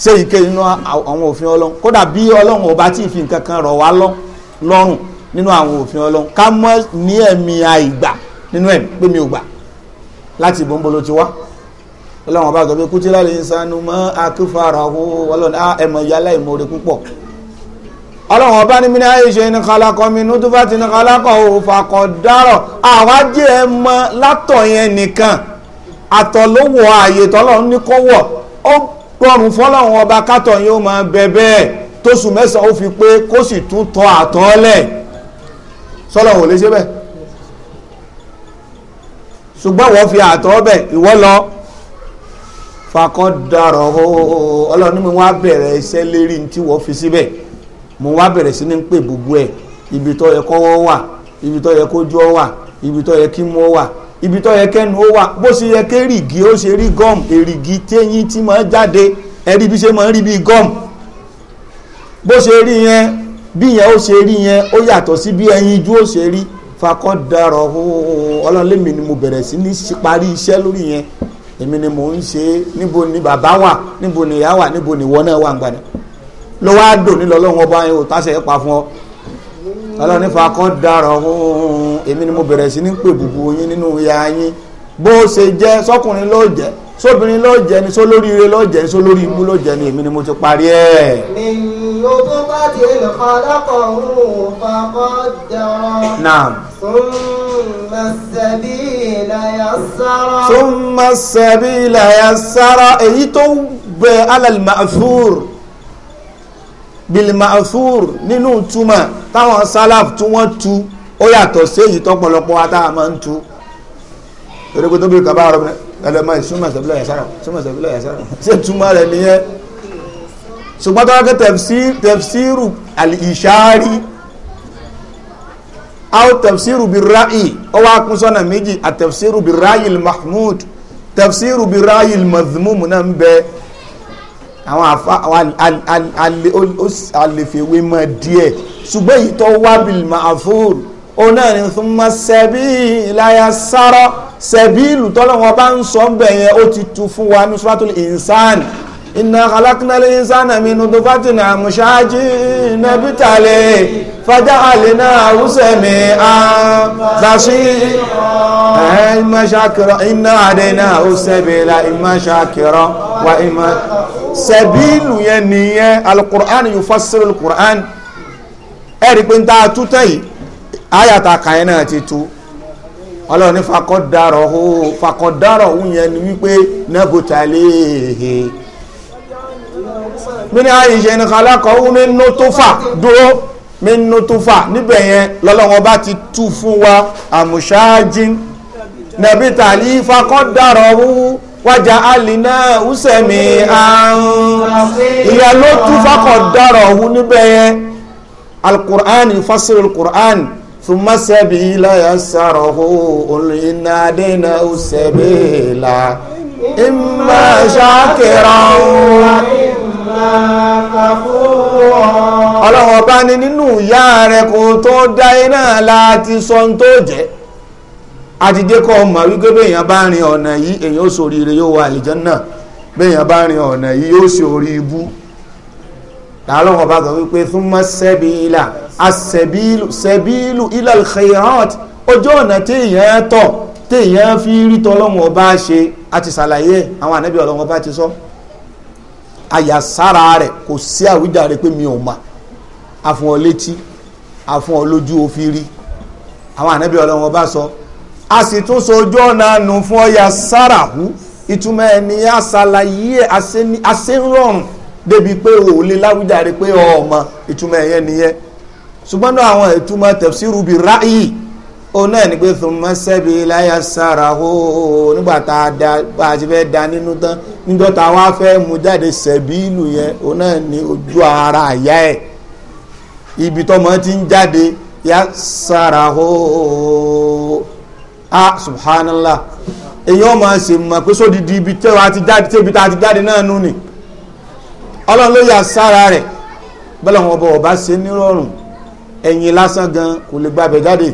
ṣe ike nínú àwọn òfin ọlọ́run kódà bí ọlọ́run ò bá tí ì fi nǹkan kan rọ̀ wá lọ́rùn nínú àwọn òfin ọlọ́run ká mọ́ ní ẹ̀mí àìgbà nínú ẹ̀mí pé mi ò gbà láti ìbòǹbolo ti wá ọlọ́run ọba àgbẹ̀ kútílá lè ń sanu mọ́ akífara owó ọlọ́run á ah, ẹ̀mọ̀ ìyá aláìmoore púpọ̀ ọlọ́run ọba ní mímí ayé ṣe ní kálákọ́ mi inú bá ti ní kálákọ́ òòfà kan dárọ̀ àwa ẹ mọ látọ̀ yẹn nìkan àtọ̀lówó ààyè tọ́lọ́run ní kó rọrùn fọ́lọ́run ọba kátọ̀ yóò máa bẹ bẹ́ẹ̀ tóṣù mẹ́sàn-án ó fi pé kó sì tún tọ àtọ́lẹ̀ sọ́lọ́run ò lè ṣe bẹ́ẹ̀ ṣùgbọ́n wọ́n fi àtọ́ bẹ̀ ìwọ́ lọ fakọ́ darọ̀ ọlọ́run ní mo wá bẹ̀rẹ̀ iṣẹ́ lérí tí wọ́n fi síbẹ̀ mo wá bẹ̀rẹ̀ sí ní pè gbogbo ẹ̀ ibi tó yẹ kọ́wọ́ wà ibi tó yẹ kójú ọ wà ibi tó yẹ kí mú wà ibi tó yẹ kẹ́nu ó wà bó ṣe yẹ kẹ́ rìgì ó ṣe rí gum èrìgì téyín tí máa jáde ẹ̀rí bí ṣe máa ń rí bí gum bó ṣe rí yẹn bí yẹn ó ṣe rí yẹn ó yàtọ̀ sí bí ẹyin ju ó ṣe rí fakọ́ darọ̀ ọlọ́lẹ́mì ni mo bẹ̀rẹ̀ sí ní parí iṣẹ́ lórí yẹn èmi ni mò ń ṣe níbo ni bàbá wà níbo ni ìyá wà níbo ni ìwọ náà wà ń gbani lọ́wọ́ àdò nílọ́lọ́wọ́ bá ò tásẹ̀ pa fún ọ ọlọ́run nífa kọ́ dára ọ̀hún èmi ni mo bẹ̀rẹ̀ sí ní pè bùbù yín nínú ìyá yín bó ṣe jẹ́ sọ́kùnrin ló jẹ́ sóbìnrin ló jẹ́ ni só lórí ire ló jẹ́ ni só ibú ló jẹ́ ni èmi ni mo ti parí ẹ̀. èyí ó tó bá ti lè fa lápò òun papọ̀ jọrọ. naam. summa sabila yassara. summa sabila yassara èyí tó bẹ alal ma'thur bilma'thur nínú túmọ̀ táwọn salaf tí wọ́n tu ó yàtọ̀ sí èyí tọ́pọ̀lọpọ̀ wa táwọn máa ń tu torí pé tóbi kaba ọ̀rọ̀ ẹlẹ́mọ̀ ìsúnmọ̀ sẹ́bílẹ̀ yàsára súnmọ̀ sẹ́bílẹ̀ yàsára ṣé túmọ̀ rẹ̀ nìyẹn ṣùgbọ́n tó wákẹ́ tẹ̀fsíìrù al-ishari aw tafsiru birra'i ó wá kún sọ́nà méjì àtẹ̀fsíìrù birra'i al-mahmud tẹ̀fsíìrù birra'i al-madhmum náà ń bẹ àwọn àfa àlefèwé mọ díẹ̀ ṣùgbọ́n èyí tó wá bil ma'fur òun náà ni thumma sabila yassara sẹ̀bí ìlú tọ́lọ́wọ́n bá ń sọ ń bẹ̀yẹn ó ti tu fún wa ní suratul insan inna khalaqnal insana min nutfatin amshajin nabtali faja'alnahu sami'an basira imma shakira inna hadaynahu sabila imma shakira wa imma sẹ́bílù yẹn nìyẹn alukur'an yufassiru alukur'an ẹ̀rí pé ń ta tútẹ́ yìí ayàtà kàyẹ́ náà ti tu ọlọ́run ní fakọ́dárọ̀ ó fakọ́dárọ̀ ó yẹn ni wípé nẹ́bùtàlẹ́hẹ̀ẹ́ mí ní àìṣe ní alákọ̀ọ́ mi nú tó fà dúró mi nú tó fà níbẹ̀ yẹn lọ́lọ́wọ́ bá ti tú fún wa àmúṣáájín nàbí tàlí fakọ́dàrọ̀ wú wájà alìnà ùsẹ̀mí àrùn ìyá ló tú fakọ̀dàrọ̀ wú níbẹ̀ yẹn alukur'an ìfásirò alukur'an ثم السبيل يسره قل إنا هديناه السبيل إما شاكرا ọlọ́run ọba ni nínú ìyá rẹ̀ kò tó dá iná láti sọ tó jẹ́ àtijọ́ kọ́ mọ̀ wípé bẹ́ẹ̀yàn bá rin ọ̀nà yìí èyàn ó ṣoríire yóò wà àlìjánnà bẹ́ẹ̀yàn bá rin ọ̀nà yìí yóò ṣe orí ibú làálọ́wọ́ bá gbọ́ wípé thumma sẹ́bìlà àsẹ̀bìlù sẹ́bìlù ilal khayrat ojú ọ̀nà tí èèyàn tọ̀ tí èèyàn fi rí tọ́lọ́wọ́ bá ṣe àti ṣàlàyé àwọn ànábì ọlọ́wọ́ bá ti sọ. So àyàsára rẹ̀ kò sí àwíjàre pé mi ò mà àfún ọ létí àfún ọ lójú òfin rí àwọn ànábì ọlọ́wọ́n bá sọ a sì tún so ojú ọ̀nà nù fún ọyà sára hù ìtumọ̀ ẹ̀ ní àṣàlàyé àṣẹ́rọ̀rùn débi pé ò lè láwíjàre pé ọmọ ìtumọ̀ ẹ̀yẹ nìyẹn ṣùgbọ́n náà àwọn ìtumọ̀ tafsiru bí ráyì ó náà ní pé thumma sabila yassarahu nígbà tá a da bá a ti fẹ́ da nínú tán níjọ́ tá a wá fẹ́ mú jáde sẹ́bílù yẹn ó náà ní ojú ara àyà ẹ̀ ibi tọmọ ti ń jáde yassarahu a subhanallah èyí ọmọ ṣe mọ̀ pé sódìdí ibi tí a ti jáde tí ibi tá a ti jáde náà nù ni ọlọ́run ló yà sára rẹ̀ bọ́lá wọn bọ̀ ọba ṣe nírọ̀rùn ẹ̀yìn lásán gan kò lè gbàbẹ̀ jáde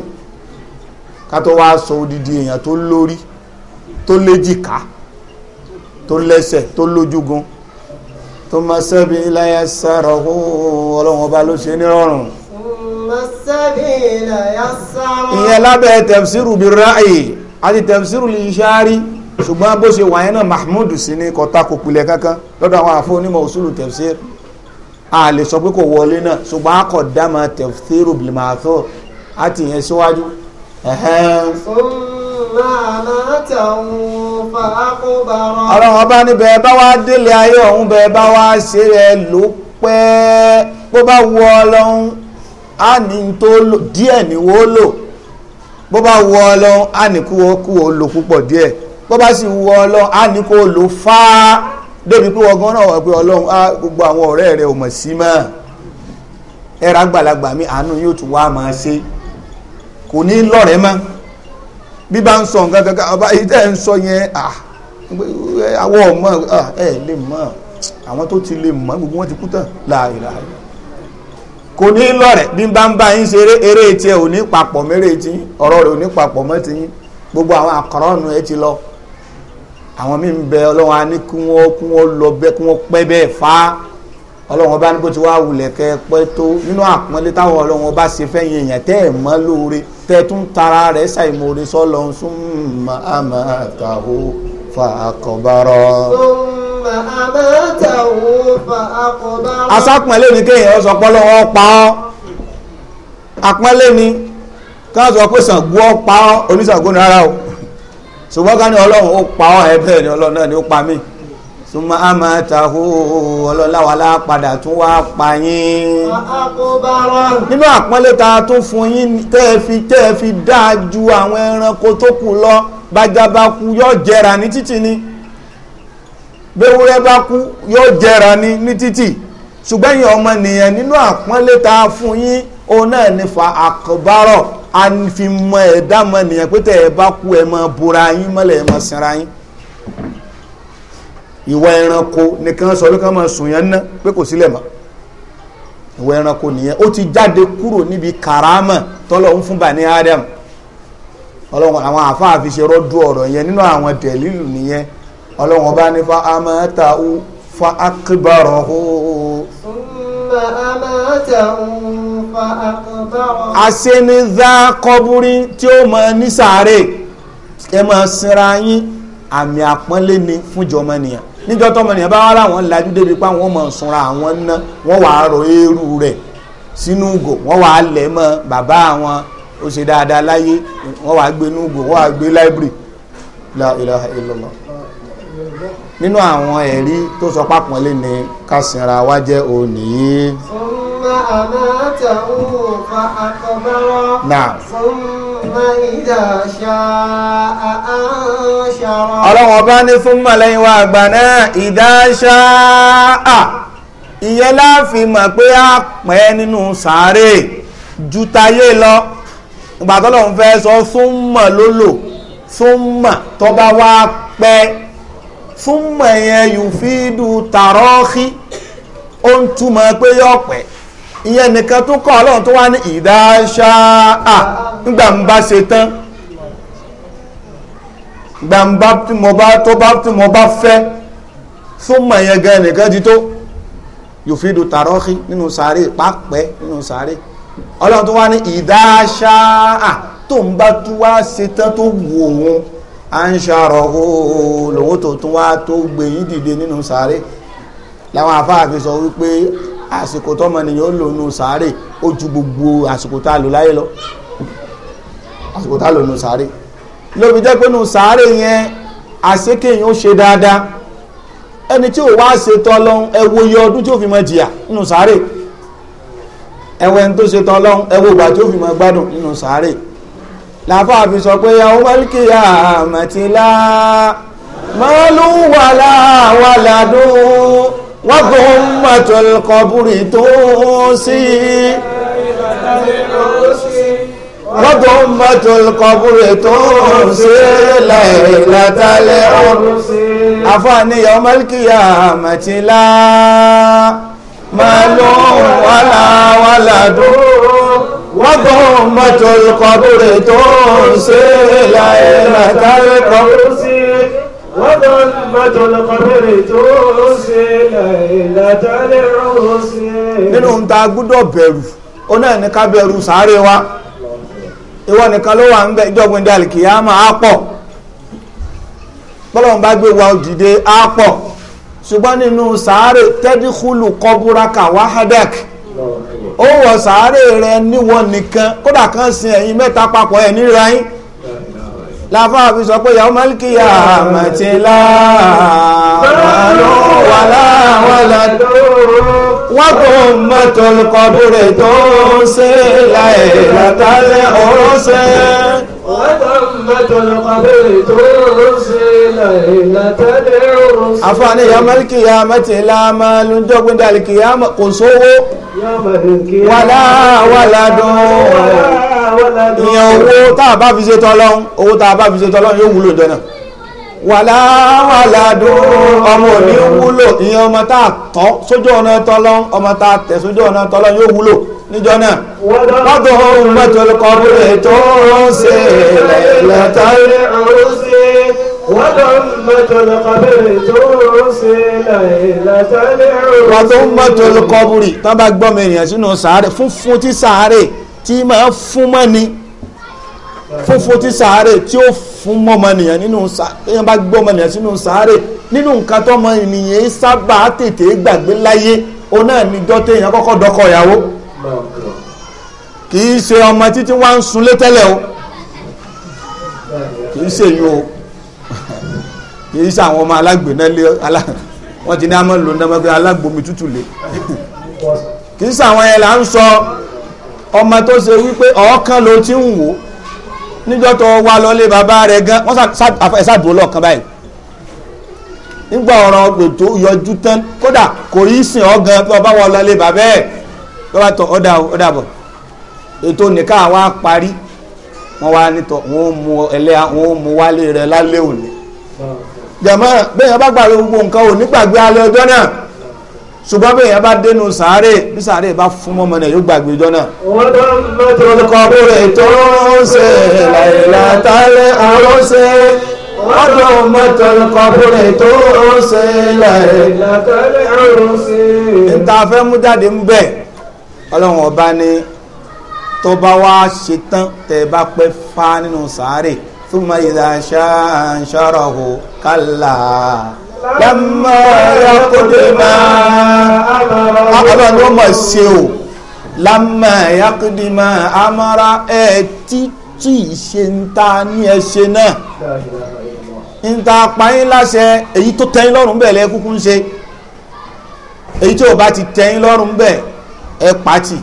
ká tó wá sọ odidi èèyàn tó lórí tó léjìká tó lẹ́sẹ̀ tó lójúgun tó máa sẹ́bi iláyà sára ọlọ́run ọba ló ṣe nírọ̀rùn ìyẹn lábẹ́ tẹ̀fsírù bí ráàyè àti tẹ̀fsírù lè ṣáárí ṣùgbọ́n bó ṣe wàyẹn náà mahmud sí ní kọta kò pilẹ̀ kankan lọ́dọ̀ àwọn àfọ onímọ̀ òṣùlù tẹ̀fsír a lè sọ pé kò wọlé náà ṣùgbọ́n akọ̀dámà tẹ̀fsírù bí màáthọ́ àti ìyẹn síwájú. Si ọlọ́run ọba níbẹ̀ bá wá délé ayé ọ̀hún bẹ̀ bá wá ṣe rẹ̀ ló pẹ́ bó bá wù ọlọ́run á ní tó díẹ̀ níwó lò bó bá wù ọlọ́run á ní kú ó lò púpọ̀ díẹ̀ bó bá sì wù ọlọ́run á ní kó lò fáá débi pé ọgán náà wọ̀ pé ọlọ́run á gbogbo àwọn ọ̀rẹ́ rẹ̀ ò mọ̀ sí mọ́ ẹ̀rọ àgbàlagbà mi àánú yóò tún wá máa ṣe kò ní lọ́rẹ̀ẹ́ mọ́ bí bá ń sọ nǹkan kankan ọba yìí tẹ́ ń sọ yẹn àwọ̀ ọmọ ẹ lè mọ̀ àwọn tó ti lè mọ̀ gbogbo wọn ti kú tán láàrin láàrin kò ní lọ́rẹ̀ bí bá ń bá yín ṣe eré tiẹ̀ ò ní papọ̀ mẹ́rẹ̀ tí ọ̀rọ̀ rẹ̀ ò ní papọ̀ mọ́ ti yín gbogbo àwọn àkọ́rọ́nù ẹ ti lọ àwọn míì ń bẹ ọlọ́run á ní kí wọ́n kí wọ́n lọ bẹ́ẹ̀ kí wọ́n pẹ́ bẹ́ẹ̀ fáá ọlọ́run ọba ní bó ti wá wulẹ̀ kẹ́ pẹ́ tó nínú àpọ́nlé táwọn ọlọ́run ọba ṣe fẹ́ yẹn èèyàn tẹ́ ẹ̀ mọ́ lóore tẹ́ tún tara rẹ̀ ṣàìmoore sọ́lọ́ summa amatahu fa akbara. summa amatahu fa akbara. asápọ̀nlé ni kéèyàn sọ pé ọlọ́wọ́ pa ọ́ àpọ́nlé ni káwọn sọ pé Ṣàngó ọ́ ọ́ oníṣàngó ni rárá o ṣùgbọ́n ká ọlọ́run ó súnmọ́ àmàtàhó ọlọ́láwà lápadà tún wá pa yín nínú àpọ́nlé ta tún fún yín tẹ́ẹ̀fi tẹ́ẹ̀fi dáa ju àwọn ẹranko tó kù lọ bájábá kú yóò jẹrà ní títì ni béwúrẹ́ bá kú yóò jẹrà ní ní títì ṣùgbọ́n yìí ọmọ nìyẹn nínú àpọ́nlé ta fún yín òun náà ní fa àkọ́bárọ̀ a fi mọ ẹ̀dá mọ nìyẹn pé tẹ́ ẹ bá kú ẹ mọ bora yín mọ́lẹ̀ ẹ mọ sinra yín ìwà ẹranko nìkan sọ pé ká máa sùn yẹn ná pé kò sílẹ̀ mọ́ ìwà ẹranko nìyẹn ó ti jáde kúrò níbi kàrámà tọ́lọ̀ ń fún bani Adam ọlọ́run àwọn àfáà fi ṣe rọ́dú ọ̀rọ̀ yẹn nínú àwọn tẹ̀lílù nìyẹn ọlọ́run ọba ní fa amáta'u fa akbarahu. summa amáta'u fa akbarahu. asenizá kọ́búrí tí ó mọ ní sàárè ẹ máa sinra yín àmì àpọ́nlé ni fúnjọmọ́nìyàn níjọ́ tọ́mọ nìyẹn bá wà láwọn lajú débi pa wọ́n mọ̀ sunra àwọn ná wọ́n wàá rọ eérú rẹ̀ sínú ugò wọ́n wàá lẹ̀ mọ́ bàbá àwọn ó ṣe dáadáa láyé wọ́n wàá gbé inú ugò wọ́n wàá gbé láìbírì la ilaha illallah nínú àwọn ẹ̀rí tó sọ pápọ̀n lé ní kásìnra wá jẹ́ òní sọ́nà àmọ́ àtàwọn òǹfà àkọ́bẹ́rọ́. náà. sọ́nà ọlọ́run ọba ní fún mọ̀lẹ́yìn wa àgbà náà ìdáṣá à ìyẹn láàfin mọ̀ pé a pẹ́ nínú sàárè ju tayé lọ ìgbà tọ́lọ́run fẹ́ sọ fún mọ̀ lólò fún mọ̀ tó bá wá pẹ́ fún mọ̀ yẹn yùfídù tàrọ́ọ̀kì ó ń túmọ̀ pé yọ̀pẹ́ ìyẹn nìkan tó kọ́ ọlọ́run tó wá ní ìdáṣáà nígbà ń bá ṣe tán gbàǹbá tí mo bá tó bá tí mo bá fẹ́ súnmọ̀ yẹn gan nìkan ti tó yòfídù tàrọ́kì nínú sàárè pápẹ́ nínú sàárè ọlọ́run tó wá ní ìdáṣáà tó ń bá tó wá ṣe tán tó wù òun à ń ṣàrọ̀ òòlù òun tó tún wá tó gbẹ̀yìn dìde nínú sàárè làwọn afáàfin sọ wípé àsìkò tọmọnìyàn ó lò nù sàárè ó ju gbogbo àsìkò tá a lò láyé lọ àsìkò tá a lò nù sàárè lóbi jẹ́ pé nù sàárè yẹn àṣekéyìn ó ṣe dáadáa ẹni tí ò wá ṣe tọ́lọ́hún ẹ wo ọdún tí ó fi mọ jìyà nù sàárè ẹwẹ́ ń tó ṣe tọ́lọ́hún ẹ ìgbà tí ó fi mọ gbádùn nù sàárè làbá fi sọ pé yàwó mẹ́lìkì àmàtìlá mọ́lú wàlà wàlà dùn wọ́n kò ń mọ̀tò kọ̀bùrì tó sí wọ́n kò ń mọ̀tò kọ̀bùrì tó sí láìlátálẹ̀ ọ̀rùn afáàníyàn mọ́lìkìyà mọ̀tílá mọ́lù wàlà wàlà dúró wọ́n kò ń mọ̀tò kọ̀bùrì tó sí láìlátálẹ̀ ọ̀rùn sí. nínú ń ta gbúdọ̀ bẹ̀rù ó náà ní ká bẹ̀rù sáré wa ìwọ nìkan ló wà ń bẹ ìjọgbìn dàlìkì á máa pọ̀ bọ́lọ̀n bá gbé wa òdìdé á pọ̀ ṣùgbọ́n nínú sáré tẹ́díkúlù kọbúraka wahadak ó wọ sáré rẹ níwọ nìkan kódà kan sin ẹ̀yin papọ papọ̀ láfáà fi sọ pé yàwó málìkì yà àmàtìlá wàlá wàlá wọ́n kò mọ̀tò kọ́dúrẹ̀ tó ń ṣe láì ọ̀rọ̀ ṣe àfààní yamal kìyàmá ti láàmà lójọ́ gbẹ́dàlì kìyàmá kò sówó wàlá wàlá dùn ìyàn owó tá a bá fi ṣe tọ́lọ́hún owó tá a bá fi ṣe tọ́lọ́hún yóò wúlò jọ́nà wàlá wàlá dùn ọmọ òní wúlò ìyàn ọmọ tá a tọ́ sójú ọ̀nà ọmọ tá a tẹ̀ sójú ọ̀nà tọ́lọ́hún yóò níjọ́ náà wọ́dọ̀ ohun mẹ́tọ́lùkọ́ bóyá tó ń ṣe lẹ́tàrí àrùsí wàtúmọ̀tò olùkọ́bùrì tán bá gbọ́mọ ènìyàn sínú sàárè funfun tí sàárè tí máa fún mọ́ni funfun tí sàárè tí ó fún mọ́mọ ènìyàn nínú sàárè bá gbọ́mọ ènìyàn sínú sàárè nínú nǹkan tọ́mọ ènìyàn sábà tètè gbàgbé láyé ó náà níjọ́ téèyàn kọ́kọ́ dọ́kọ̀ kì í ṣe ọmọ títí wá ń sunlé tẹ́lẹ̀ o kì í ṣe yín o kì í ṣe àwọn ọmọ alágbèéná lé wọ́n ti ní àmọ́ lò ní ọmọ pé alágbòmí tútù lé kì í ṣe àwọn yẹn là ń sọ ọmọ tó ṣe wípé ọ̀ọ́kán ló ti ń wò níjọ́ tó wá lọlé bàbá rẹ̀ gan wọ́n ṣàdúró lọ́ọ̀kan báyìí nígbà ọ̀rọ̀ ọgbò tó yọjú tán kódà kò rí sìn ọ́ gan bí ọba wọ lọlé bàbá ẹ̀ lọ́wọ́ tọ ọ̀dà ọ̀dà bọ̀ ètò nìkan àwọn parí wọ́n wá nítọ̀ wọ́n mú ẹlẹ́yà wọ́n mú wálé rẹ̀ lálẹ́ òní. jàmọ́ bẹ́ẹ̀ bá gbàgbé gbogbo nǹkan ò nígbàgbé alẹ́ ọjọ́ náà ṣùgbọ́n bí bá dénú sàárè bí sàárè bá fún mọ́mọ náà yóò gbàgbé ọjọ́ náà. wọ́n tó ń mẹ́tò ọkọ̀ rẹ̀ tó ń ṣe làyèlà àwọn ṣe wọ́n tó ń mẹ́tò ọkọ̀ rẹ̀ tó ń ṣe làyèlà àwọn ṣe ọlọ́run ọba ní tó bá wá ṣe tán tẹ́ bá pẹ́ fá nínú sàárè thumma idha shansharahu kalla lamma yaqdi ma ọlọ́run ọmọ ṣe o lamma yaqdi ma amara ẹ̀ títí ìṣe ń ta ní ẹ ṣe náà ìta apáyín láṣẹ èyí tó tẹ́yìn lọ́rùn bẹ́ẹ̀ lẹ́kúkú ń ṣe èyí tí ò bá ti tẹ́yìn lọ́rùn bẹ́ẹ̀ ẹ pàtì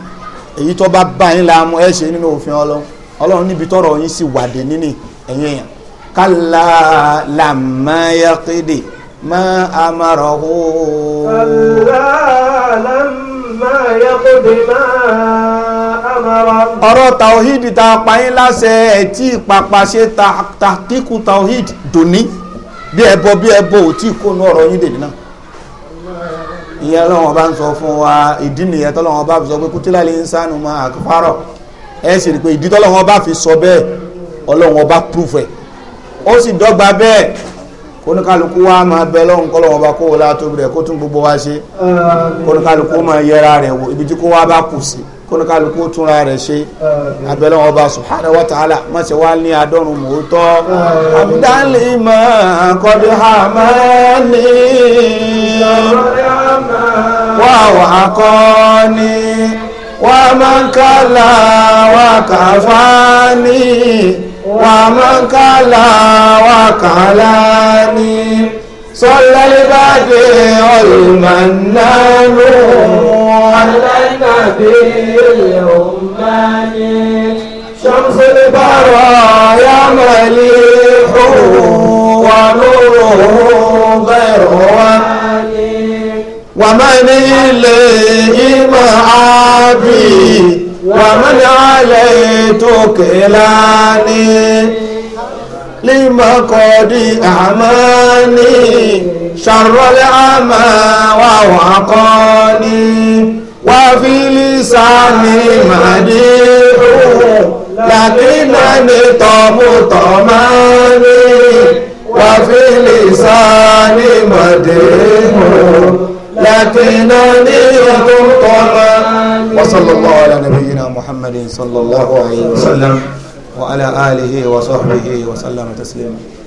èyí tó bá bá yín la mú ẹ ṣe nínú òfin ọlọ́run ọlọ́run níbi tọrọ yín sì wàdé níní ẹ̀yìn èèyàn kálá làmáyákéde má amárọ̀ hó. kálá làmáyákéde má amárọ̀. ọ̀rọ̀ tawhid ta payín láṣẹ ẹ̀tí ìpapà ṣe tàkíkù tawhid dòní bí ẹbọ bí ẹbọ ò tí kó nu ọ̀rọ̀ yín dèmí náà ìyẹn ọlọ́wọ́n bá ń sọ fún wa ìdí nìyẹn tọ́lọ́wọ́n bá fi sọ pé kútílà lè ń sánú mọ́ àkọ́fárọ̀ ẹ sì rí pé ìdí tọ́lọ́wọ́n bá fi sọ bẹ́ẹ̀ ọlọ́wọ́n bá prúfù ó sì dọ́gba bẹ́ẹ̀ kónúkálukú wa máa bẹ lọ́hùn kọ́lọ́wọ́n bá kó o látòbí rẹ̀ kó tún gbogbo wa ṣe kónúkálukú máa yẹra rẹ̀ wò ibi tí kó wa bá kù sí kónúkálukú túnra rẹ̀ ṣe abẹ́lẹ́wọ̀n ọba subhanahu wa ta'ala má ṣe wá ní adọ́run mòótọ́ abdalima kọ́dí hamani. وأعقاني ومن كلا وكفاني ومن كلا وكلاني صلى البديع المنان على النبي الأماني شمس البرايا مليح ونوره غير ومن إليه معادي ومن عليه تكلاني لما قد أعماني شر العمى ووقاني وفي لساني مديح لكنني طمطماني وفي لساني مديح لكنني طمطما وصلى الله على نبينا محمد صلى الله عليه وسلم وعلى آله وصحبه وسلم تسليما